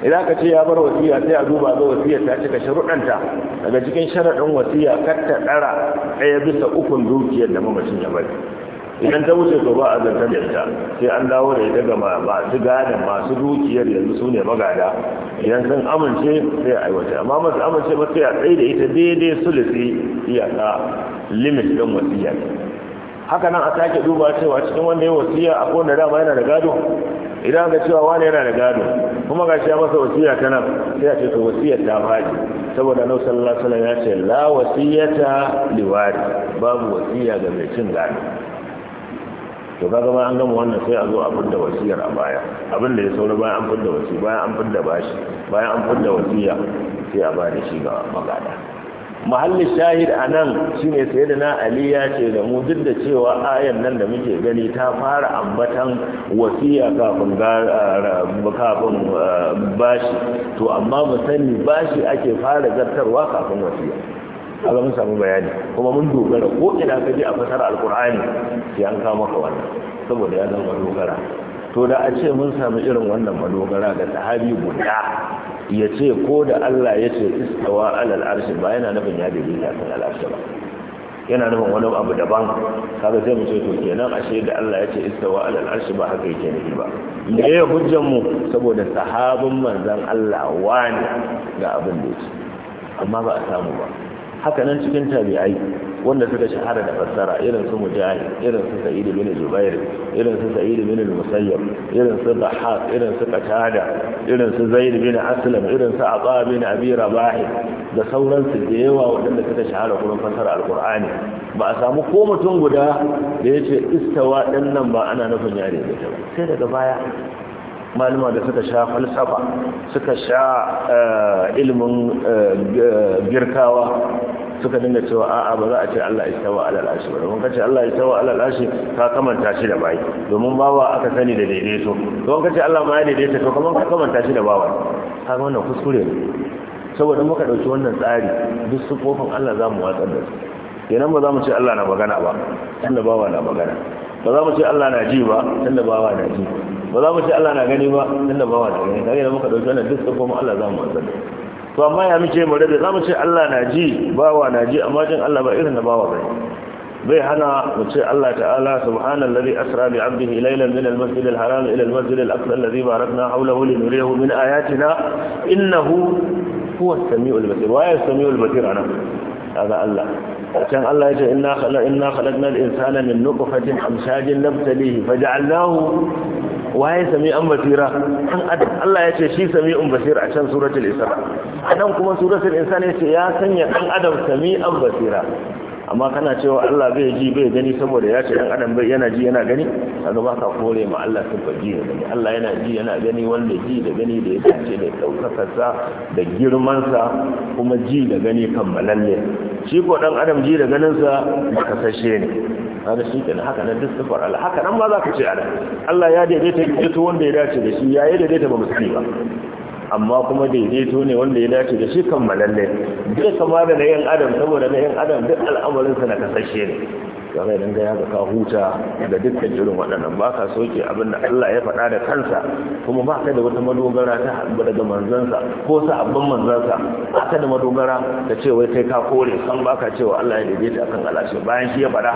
idan ka ce ya bar wasiya sai a duba ga wasiyar ta cika sharuɗanta daga cikin sharaɗin wasiya kar ta ɗara ɗaya bisa ukun dukiyar da mamacin ya bari idan ta wuce gaba a zartar da sai an dawo da ita ga masu gadon masu dukiyar yanzu su ne magada idan sun amince sai a aiwata amma masu amince ba sai a tsaye da ita daidai sulisi iyaka limit ɗin wasiyar haka nan a sake duba cewa cikin wanda ya wasiya a kowane dama yana da gado idan ga cewa wani yana da gado kuma ga shi ya masa wasiya ta nan sai a ce to wasiyar ta faɗi saboda nau sallallahu alaihi wasallam ya ce la wasiyata liwari babu wasiya ga mai cin gado to kaga bayan an gama wannan sai a zo a fidda wasiyar a baya abin da ya saura bayan an fidda wasi bayan an fidda bashi bayan an fidda wasiya sai a bada shi ga magada mahalli shahid a nan shine sai da na ali ya ce da mu duk da cewa ayan nan da muke gani ta fara ambatan wasiya kafin kafin uh, bashi to amma mu sani bashi ake fara zartarwa kafin wasiya kaga mun samu bayani kuma mun dogara ko ina ka ji a fasara alqur'ani sai an kawo maka wannan saboda ya zama dogara to da a ce mun samu irin wannan madogara ga sahabi guda ya ce ko da Allah ya ce istawa alal arshi ba yana nufin ya dabi ya kan al'arshi ba yana nufin wani abu daban kaga sai mu ce to kenan ashe da Allah ya ce istawa alal arshi ba haka yake ne ba me ya hujjan mu saboda sahabin manzon Allah wani ga abin da yake amma ba a samu ba haka nan cikin tabi'ai wanda suka shahara da fassara irin su mujahid irin su sa'id bin jubair irin su sa'id bin musayyab irin su dhahhak irin su qatada irin su zaid bin aslam irin su ata bin abi rabah da sauran su da yawa wanda suka shahara gurin fassara alqur'ani ba a samu ko mutum guda da yace istawa dinnan ba ana nufin yare da ta sai daga baya malama da suka sha falsafa suka sha eh, ilimin eh, girkawa suka dinga cewa a'a ba za a ce Allah ya tawa ala ashi ba domin kace Allah ya tawa ala ashi ka kamanta shi da bai domin bawa aka sani da daidaito domin kace Allah ma ya daidaita to kaman ka kamanta shi da bawa Ka ga wannan kuskure ne saboda muka dauki wannan tsari duk su kofin Allah zamu watsar da su kenan ba za mu ce Allah na magana ba Allah bawa na magana ba za mu ce Allah na ji ba tunda bawa na ji ba za mu ce Allah na gani ba tunda bawa na gani kage da muka dauki wannan duk kuma Allah za mu azaba to amma ya muke mu rabe za mu ce Allah na ji bawa na ji amma jin Allah ba irin da bawa bane bai hana mu ce Allah ta'ala subhanallazi asra bi 'abdihi laylan min al-masjid al-haram ila al-masjid al-aqsa alladhi barakna hawlahu linuriyahu min ayatina innahu huwa as-sami'ul basir wa ya as-sami'ul basir ana kaga Allah can Allah ya ce inna khala inna khalaqnal insana min nutfatin amshajin nabtalihi faj'alnahu waye sami'an basira an adam Allah ya ce shi sami'un basir a can suratul isra anan kuma suratul insani ya ce ya sanya ɗan adam sami'an basira amma kana cewa Allah bai ji bai gani saboda ya ce dan adam bai yana ji yana gani kaga ba ka kore ma Allah sun ba ji gani Allah yana ji yana gani wanda ji da gani da ya dace da daukakarsa da girmansa kuma ji da gani kammalalle shi ko dan adam ji da ganinsa makasashe ne kaga shi kenan haka nan duk sifar Allah haka nan ma za ka ce Allah Allah ya daidaita duk wanda ya dace da shi ya yi daidaita ba mu ba amma kuma daidaito ne wanda ya dace da shi kan malalle duk kama da na yan adam saboda na yan adam duk al'amarinsa na kasashe ne kamar idan ga yaga ka huta da dukkan irin waɗannan ba ka soke abinda Allah ya faɗa da kansa kuma ba ka da wata madogara ta haɗu daga manzansa ko sahabban manzansa ba ka da madogara ta ce wai kai ka kore san ba ka cewa Allah ya daidaita akan alashe bayan shi ya faɗa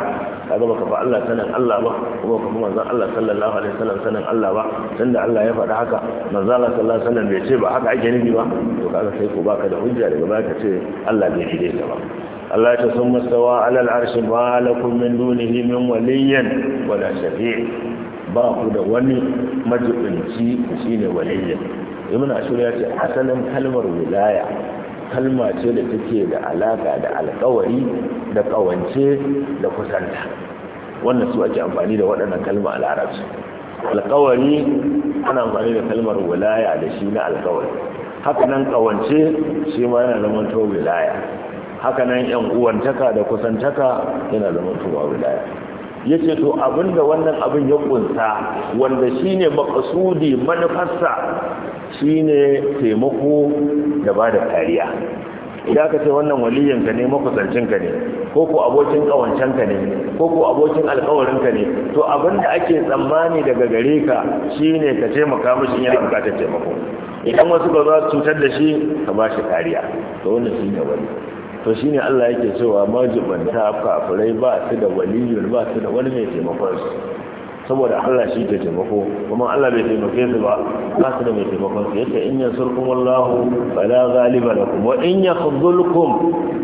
ka ga ka fa Allah sanin Allah ba kuma kuma manzan Allah sallallahu alaihi wasallam sanin Allah ba tunda Allah ya faɗa haka manzan Allah sallallahu alaihi wasallam bai ce ba haka ake nufi ba to kaga sai ko ba ka da hujja daga baya ka ce Allah bai daidaita ba Allah ta sun mastawa alal arshi ba lakum min dunihi min waliyan wala shafi' ba ku da wani majibinci shine waliyan ibn ashur ya ce asalin kalmar wilaya kalma ce da take da alaka da alƙawari da ƙawance da kusanta wannan su ake amfani da waɗannan kalma a larabci alƙawari ana amfani da kalmar wilaya da shi na alƙawari haka nan ƙawance shi ma yana zama to wilaya haka nan yan uwantaka da kusantaka yana zama tuwa wilaya yace to abinda wannan abin ya kunsa wanda shine maqsudi manufarsa shine taimako da bada kariya idan ka ce wannan waliyanka ka ne makusancin ka ne ko ko abokin kawancen ka ne ko ko abokin alƙawarin ka ne to abinda ake tsammani daga gare ka shine ka taimaka mishi yana bukatar taimako idan wasu ba za su cutar da shi ka ba shi kariya to wannan shine wani to ne Allah yake cewa majibanta kafirai ba su da waliyul ba su da wani mai taimakon su saboda Allah shi ke taimako kuma Allah bai taimake su ba ba su da mai taimakon su yace in yansurkum Allahu fala ghaliba lakum wa in yakhdhulkum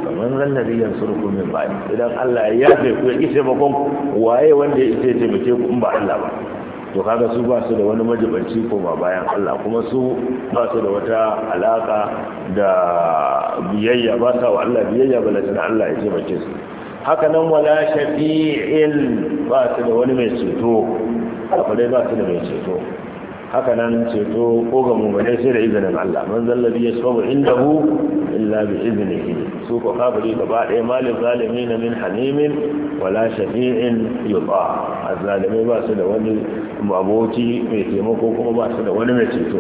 faman alladhi yansurkum min ba'd idan Allah ya yafe ku ya ki taimakon waye wanda ya taimake ku in ba Allah ba to kaga su ba su da wani majibanci koma bayan Allah kuma su ba su da wata alaka da biyayya ba sa wa Allah biyayya ba na Allah ya ce mace su haka nan wala shafi'il ba su da wani mai ceto ba su da mai ceto haka nan ceto ko ga mummunai sai da izinin Allah man zallabi ya sabu indahu illa bi iznihi su ko kafiri gaba ɗaya malin zalimi na min hanimin wala shafi'in yuba azzalimai ba su da wani aboki mai taimako kuma ba su da wani mai ceto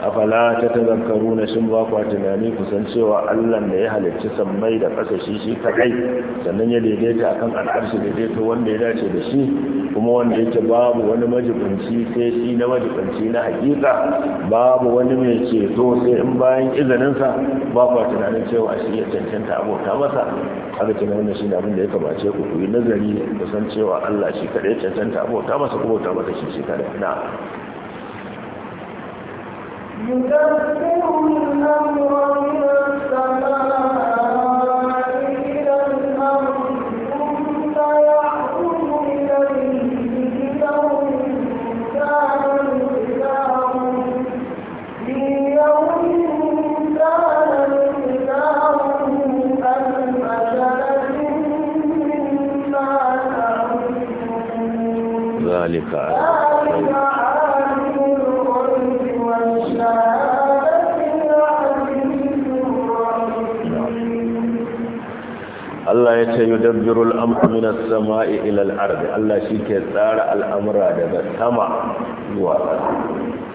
afala ta tazarkaru na shin ba kwa tunani kusan cewa allah da ya halarci sammai da ƙasa shi shi kaɗai sannan ya daidaita akan al'arshi daidaito wanda ya dace da shi kuma wanda yake babu wani majibanci sai shi na majibanci na hakika babu wani mai ceto sai in bayan izininsa ba kwa tunanin cewa shi ya cancanta abota masa haka tunanin wannan shi ne abin da ya kamace ku ku yi nazari kusan cewa allah shi kaɗai cancanta abota masa kuma ta masa shi shi kaɗai na يدبر الأمر ya ce yi dabbirul amurina sama'i ilal arzi Allah shi ke tsara al'amura daga sama zuwa ƙasa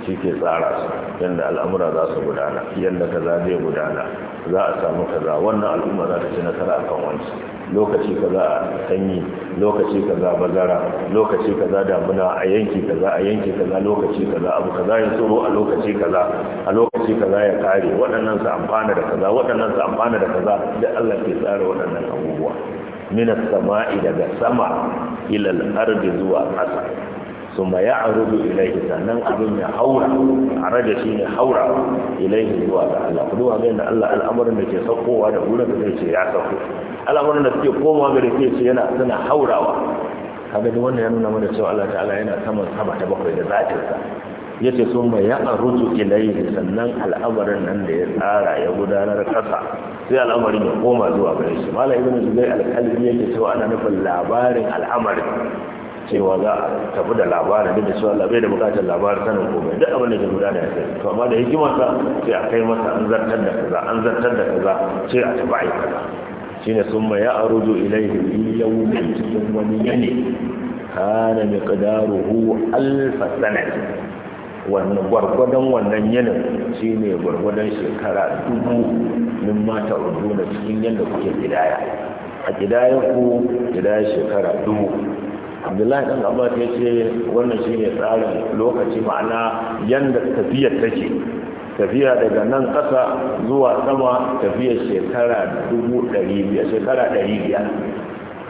shi ke tsara su yadda al'amura za su gudana yanda kaza zai gudana za a samu kaza wannan al'umma za ta ci nasara a kan wanci lokaci kaza a sanyi lokaci kaza bazara lokaci kaza damuna a yanki kaza a yanki kaza lokaci kaza abu kaza ya tsoro a lokaci kaza a lokaci lokaci kaza ya kare waɗannan su amfana da kaza waɗannan su amfana da kaza da Allah ke tsara waɗannan abubuwa minas sama'i daga sama ilal ardi zuwa ƙasa suma ya arudu ilaihi sannan abin ya haura tare shi ne haura ilaihi zuwa ga Allah ku duba bayan da Allah al'amarin da ke saukowa da wurin da zai ce ya sauko al'amarin da suke komawa gare ke ce yana suna haurawa kaga duk wannan ya nuna mana cewa Allah ta'ala yana saman sama ta bakwai da zatinsa ya ce sun mai yaƙa rutu ilayhi sannan al'amarin nan da ya tsara ya gudanar ƙasa sai al'amarin ya koma zuwa gare shi mala ibn zubair alƙalbi yake cewa ana nufin labarin al'amarin cewa za a tafi da labarin duk da cewa labai da bukatar labarin sanin komai duk abin da ke gudana ya sai to amma da hikimarsa sai a kai masa an zartar da kaza an zartar da kaza sai a tafi aiki kaza shine sun mai ya arujo ilaihi yawmin cikin wani yanayi kana miqdaruhu alf sanah wannan gwargwadon wannan yanin shi ne gwargwadon shekara dubu min mata na cikin yadda kuke gidaya a gidaya ku gidaya shekara dubu abdullahi ɗan abbas ya ce wannan shi ne tsarin lokaci ma'ana yadda tafiyar take tafiya daga nan ƙasa zuwa sama tafiya shekara dubu ɗari biyar shekara ɗari biyar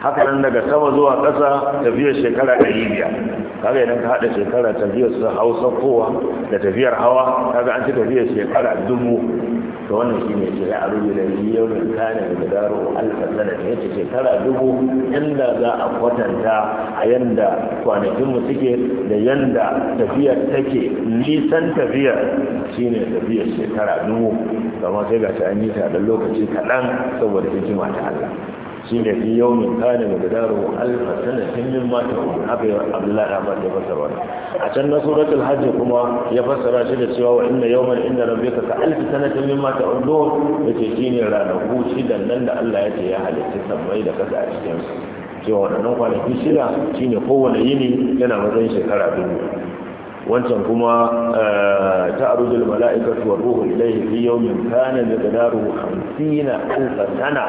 haka nan daga sama zuwa ƙasa tafiyar shekara ɗari biyar kaga idan ka haɗa shekara tafiyar su hausa kowa da tafiyar hawa kaga an ci tafiyar shekara dubu to wannan shi ne ce a rubu da yi yau min kane da daro alfasana da yace shekara dubu inda za a kwatanta a yanda kwanakinmu suke da yanda tafiyar take nisan tafiyar shine tafiyar shekara dubu kamar sai ga ta an yi ta da lokaci kaɗan saboda hikima ta Allah shi ne fi yau min kane mai gudaro alfa sanatin min mata haka yi abdullahi ahmad ya fassara wani a can na suratul hajji kuma ya fassara shi da cewa wa inna mai inda rabbika ka alfi sanatin min mata udun yace shi ne ranaku shidan nan da Allah ya ce ya halitta sammai da kasa a cikin su cewa waɗannan kwanaki shida shine kowane yini yana mazan shekara dubu wancan kuma eh, ta arujul mala'ikatu wa ruhu ilaihi fi yawmin kana miqdaruhu 50 alf sana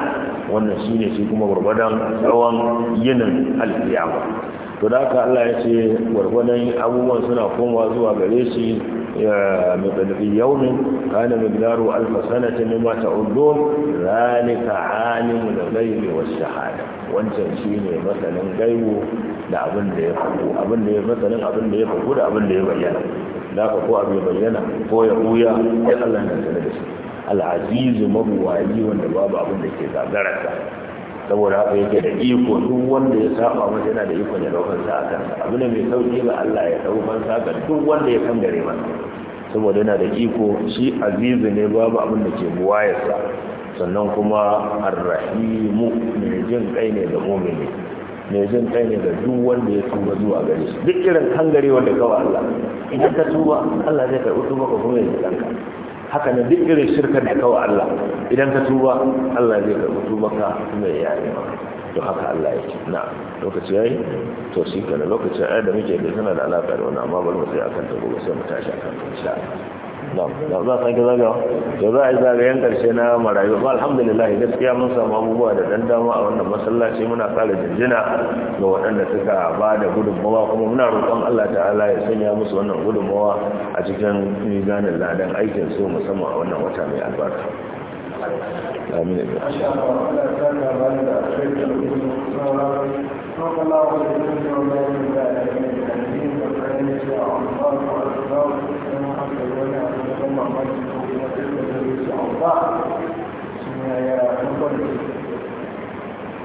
wannan shine shi kuma gurbadan tsawon yinin alkiyama to da haka Allah ya ce gurbadan abubuwan suna komawa zuwa gare shi eh, fi yawmin kana miqdaruhu alf sanatin mimma ta'udun zalika alimul ghaibi wash shahada wancan shine matsalin gaiwo. da abin da ya faru abin da ya masanin abin da ya faru da abin da ya bayyana da ka ko abin bayyana ko ya huya ya Allah na sanar da shi al'azizu mabuwayi wanda babu abin da ke zagararsa saboda haka yake da iko duk wanda ya saba masa yana da iko ya daukar sa a kansa abin da mai sauki ga Allah ya daukar sa ga duk wanda ya kan gare masa saboda yana da iko shi azizu ne babu abin da ke buwayarsa sannan kuma arrahimu mai jin kai ne da mumini mai jin kai ne da duk wanda ya tuba zuwa gare shi duk irin kangare wanda kawa Allah idan ka tuba Allah zai karɓi tuba ka kuma ya ji kanka haka ne duk irin shirkar da kawa Allah idan ka tuba Allah zai karɓi tuba ka kuma ya yare maka to haka Allah ya ce na lokaci yayi to shi kana lokacin ayar da muke da tana da alaƙa da wannan amma bari mu sai akan ta sai mu tashi akan insha Allah da za a sake zagawa da za a yi zagayen karshe na marayu ba alhamdulillah gaskiya mun samu abubuwa da dan dama a wannan masallaci muna kara jinjina ga waɗanda suka ba da gudunmawa kuma muna roƙon Allah ta'ala ya sanya musu wannan gudunmawa a cikin mizanin ladan aikin su musamman a wannan wata mai albarka amin da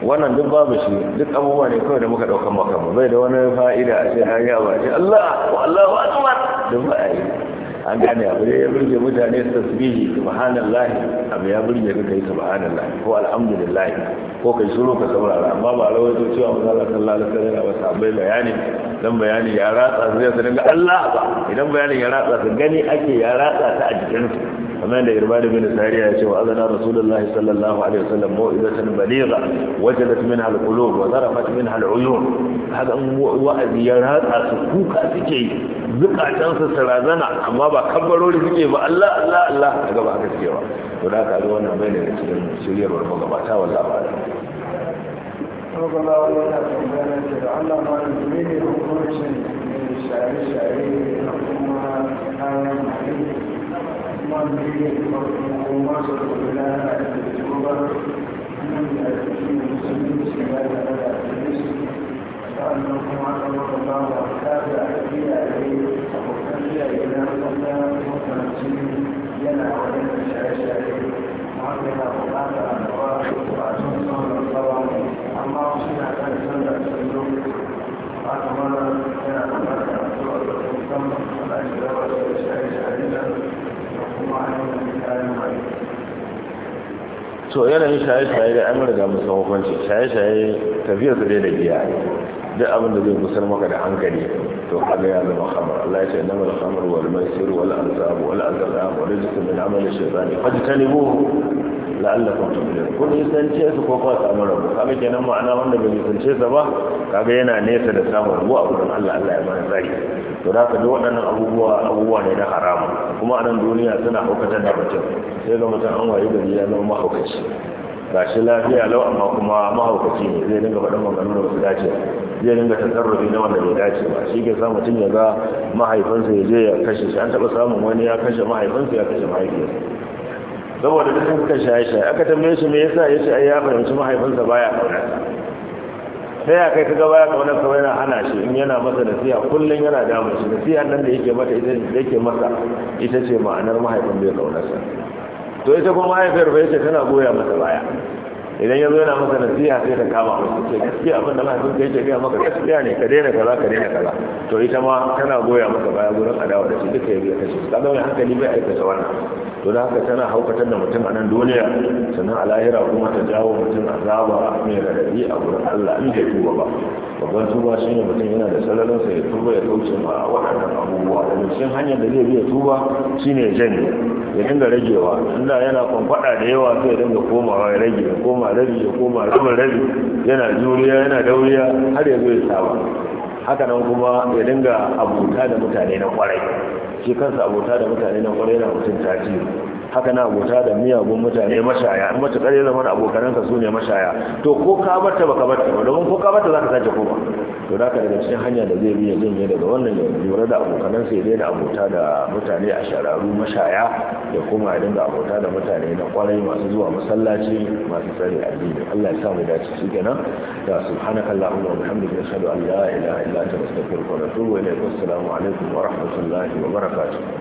wannan duk babu shi duk abubuwa ne kawai da muka ɗaukan makamu bai da wani fa'ida a ce hanya ba ce Allah wa Allah wa Akbar duk ba a yi an gane abu ne ya burge mutane su tasbihi subhanallahi abu ya burge ka yi, subhanallahi ko alhamdulillah ko kai suru ka saurara amma ba rawaito cewa manzo Allah sallallahu alaihi wasallam ba bayani dan bayanin ya ratsa su zai dinga Allah ba idan bayanin ya ratsa su gani ake ya ratsa ta a jikin su kamar da irba da bin sariya ya ce wa azana rasulullahi sallallahu alaihi wasallam mau'izatan baligha wajadat minha alqulub wa zarafat minha aluyun haka an wa'azi ya ratsa su kuka suke yi zukatan su sarazana amma ba kabbarori suke ba Allah Allah Allah daga ba haka suke ba to da ka zo wannan bayanin da cikin shiryarwar magabata wallahi ba صلى الله عليه وسلم لعل ما يريد خروج الشعر الشعري ثم كان محيط ثم به وما شرط لها التجربة من المسلمين شمال هذا الحديث فأنهم على الله وأحكام في عليه وأحكي إلى أننا متنسين ينعى ولنا الشعر الشعري وعندنا قرآن to yanayin shaye-shaye da amurka da musamman hukunci shaye-shaye tafiya su da biya duk abin da zai gusar maka da hankali to kaga ya zama hamar Allah ya ce nama al-khamr wal maisir wal azab wal azab wa rizqu min amal ash-shaytan fajtanibuhu la'allakum tuflihun kun ce su ko su samu rabo kaga kenan ma'ana wanda bai ce sa ba kaga yana nesa da samun rabo a gurin Allah Allah ya bani tsari to da ji waɗannan abubuwa abubuwa ne na haramu kuma a nan duniya suna haukatar da mutum sai ga mutum an wayi gari ya zama mahaukaci gashi lafiya lau amma kuma mahaukaci ne zai dinga faɗin maganganu da wasu dace zai dinga tasarrufi na wanda bai dace ba shi ke samu mutum ya ga mahaifinsa ya je ya kashe shi an taɓa samun wani ya kashe mahaifinsa ya kashe mahaifinsa saboda duk suka shaye-shaye aka tambaye shi me yasa yace ai ya fahimci mahaifinsa baya kauna sai ya kai kaga baya kauna sai yana hana shi in yana masa nasiha kullun yana damun shi nasiha nan da yake mata idan yake masa ita ce ma'anar mahaifin bai kauna sa to ita kuma mahaifiyar bai ce tana goya masa baya idan ya zo yana masa nasiha sai ta kama masa sai gaskiya abin da mahaifin ka yake gaya maka gaskiya ne ka daina kaza ka daina kaza to ita ma tana goya maka baya gurin adawa da shi duka ya biya kashe ka ga hankali bai aikata wannan to da haka tana haukatar da mutum a nan duniya sannan a lahira kuma ta jawo mutum azaba mai radadi a gurin Allah in bai tuba ba babban tuba shine mutum yana da salalin sa ya tuba ya kauce ma waɗannan abubuwa da mutum hanyar da zai biya tuba shine ya janye ya dinga ragewa inda yana kwamfada da yawa sai ya dinga komawa ya rage ya koma rabi ya koma rabin rabi yana juriya yana dauriya har ya zo ya saba haka nan kuma ya dinga abota da mutane na kwarai shi kansa abota da mutane na kwarai yana mutum tasiri haka na abota da miyagun mutane mashaya in mace kare zama abokananka su ne mashaya to ko ka bata baka barta ba domin ko ka barta za ka sace koma to da ka daga cikin hanya da zai biya janye daga wannan ya lura da abokanansa ya daina abota da mutane a shararu mashaya ya koma ya dinga abota da mutane na kwarai masu zuwa masallaci masu tsare addini Allah ya sa mu dace shi kenan da subhanaka allahumma wa bihamdika ashhadu an la ilaha illa anta astaghfiruka wa atubu ilayk assalamu alaikum wa rahmatullahi wa barakatuh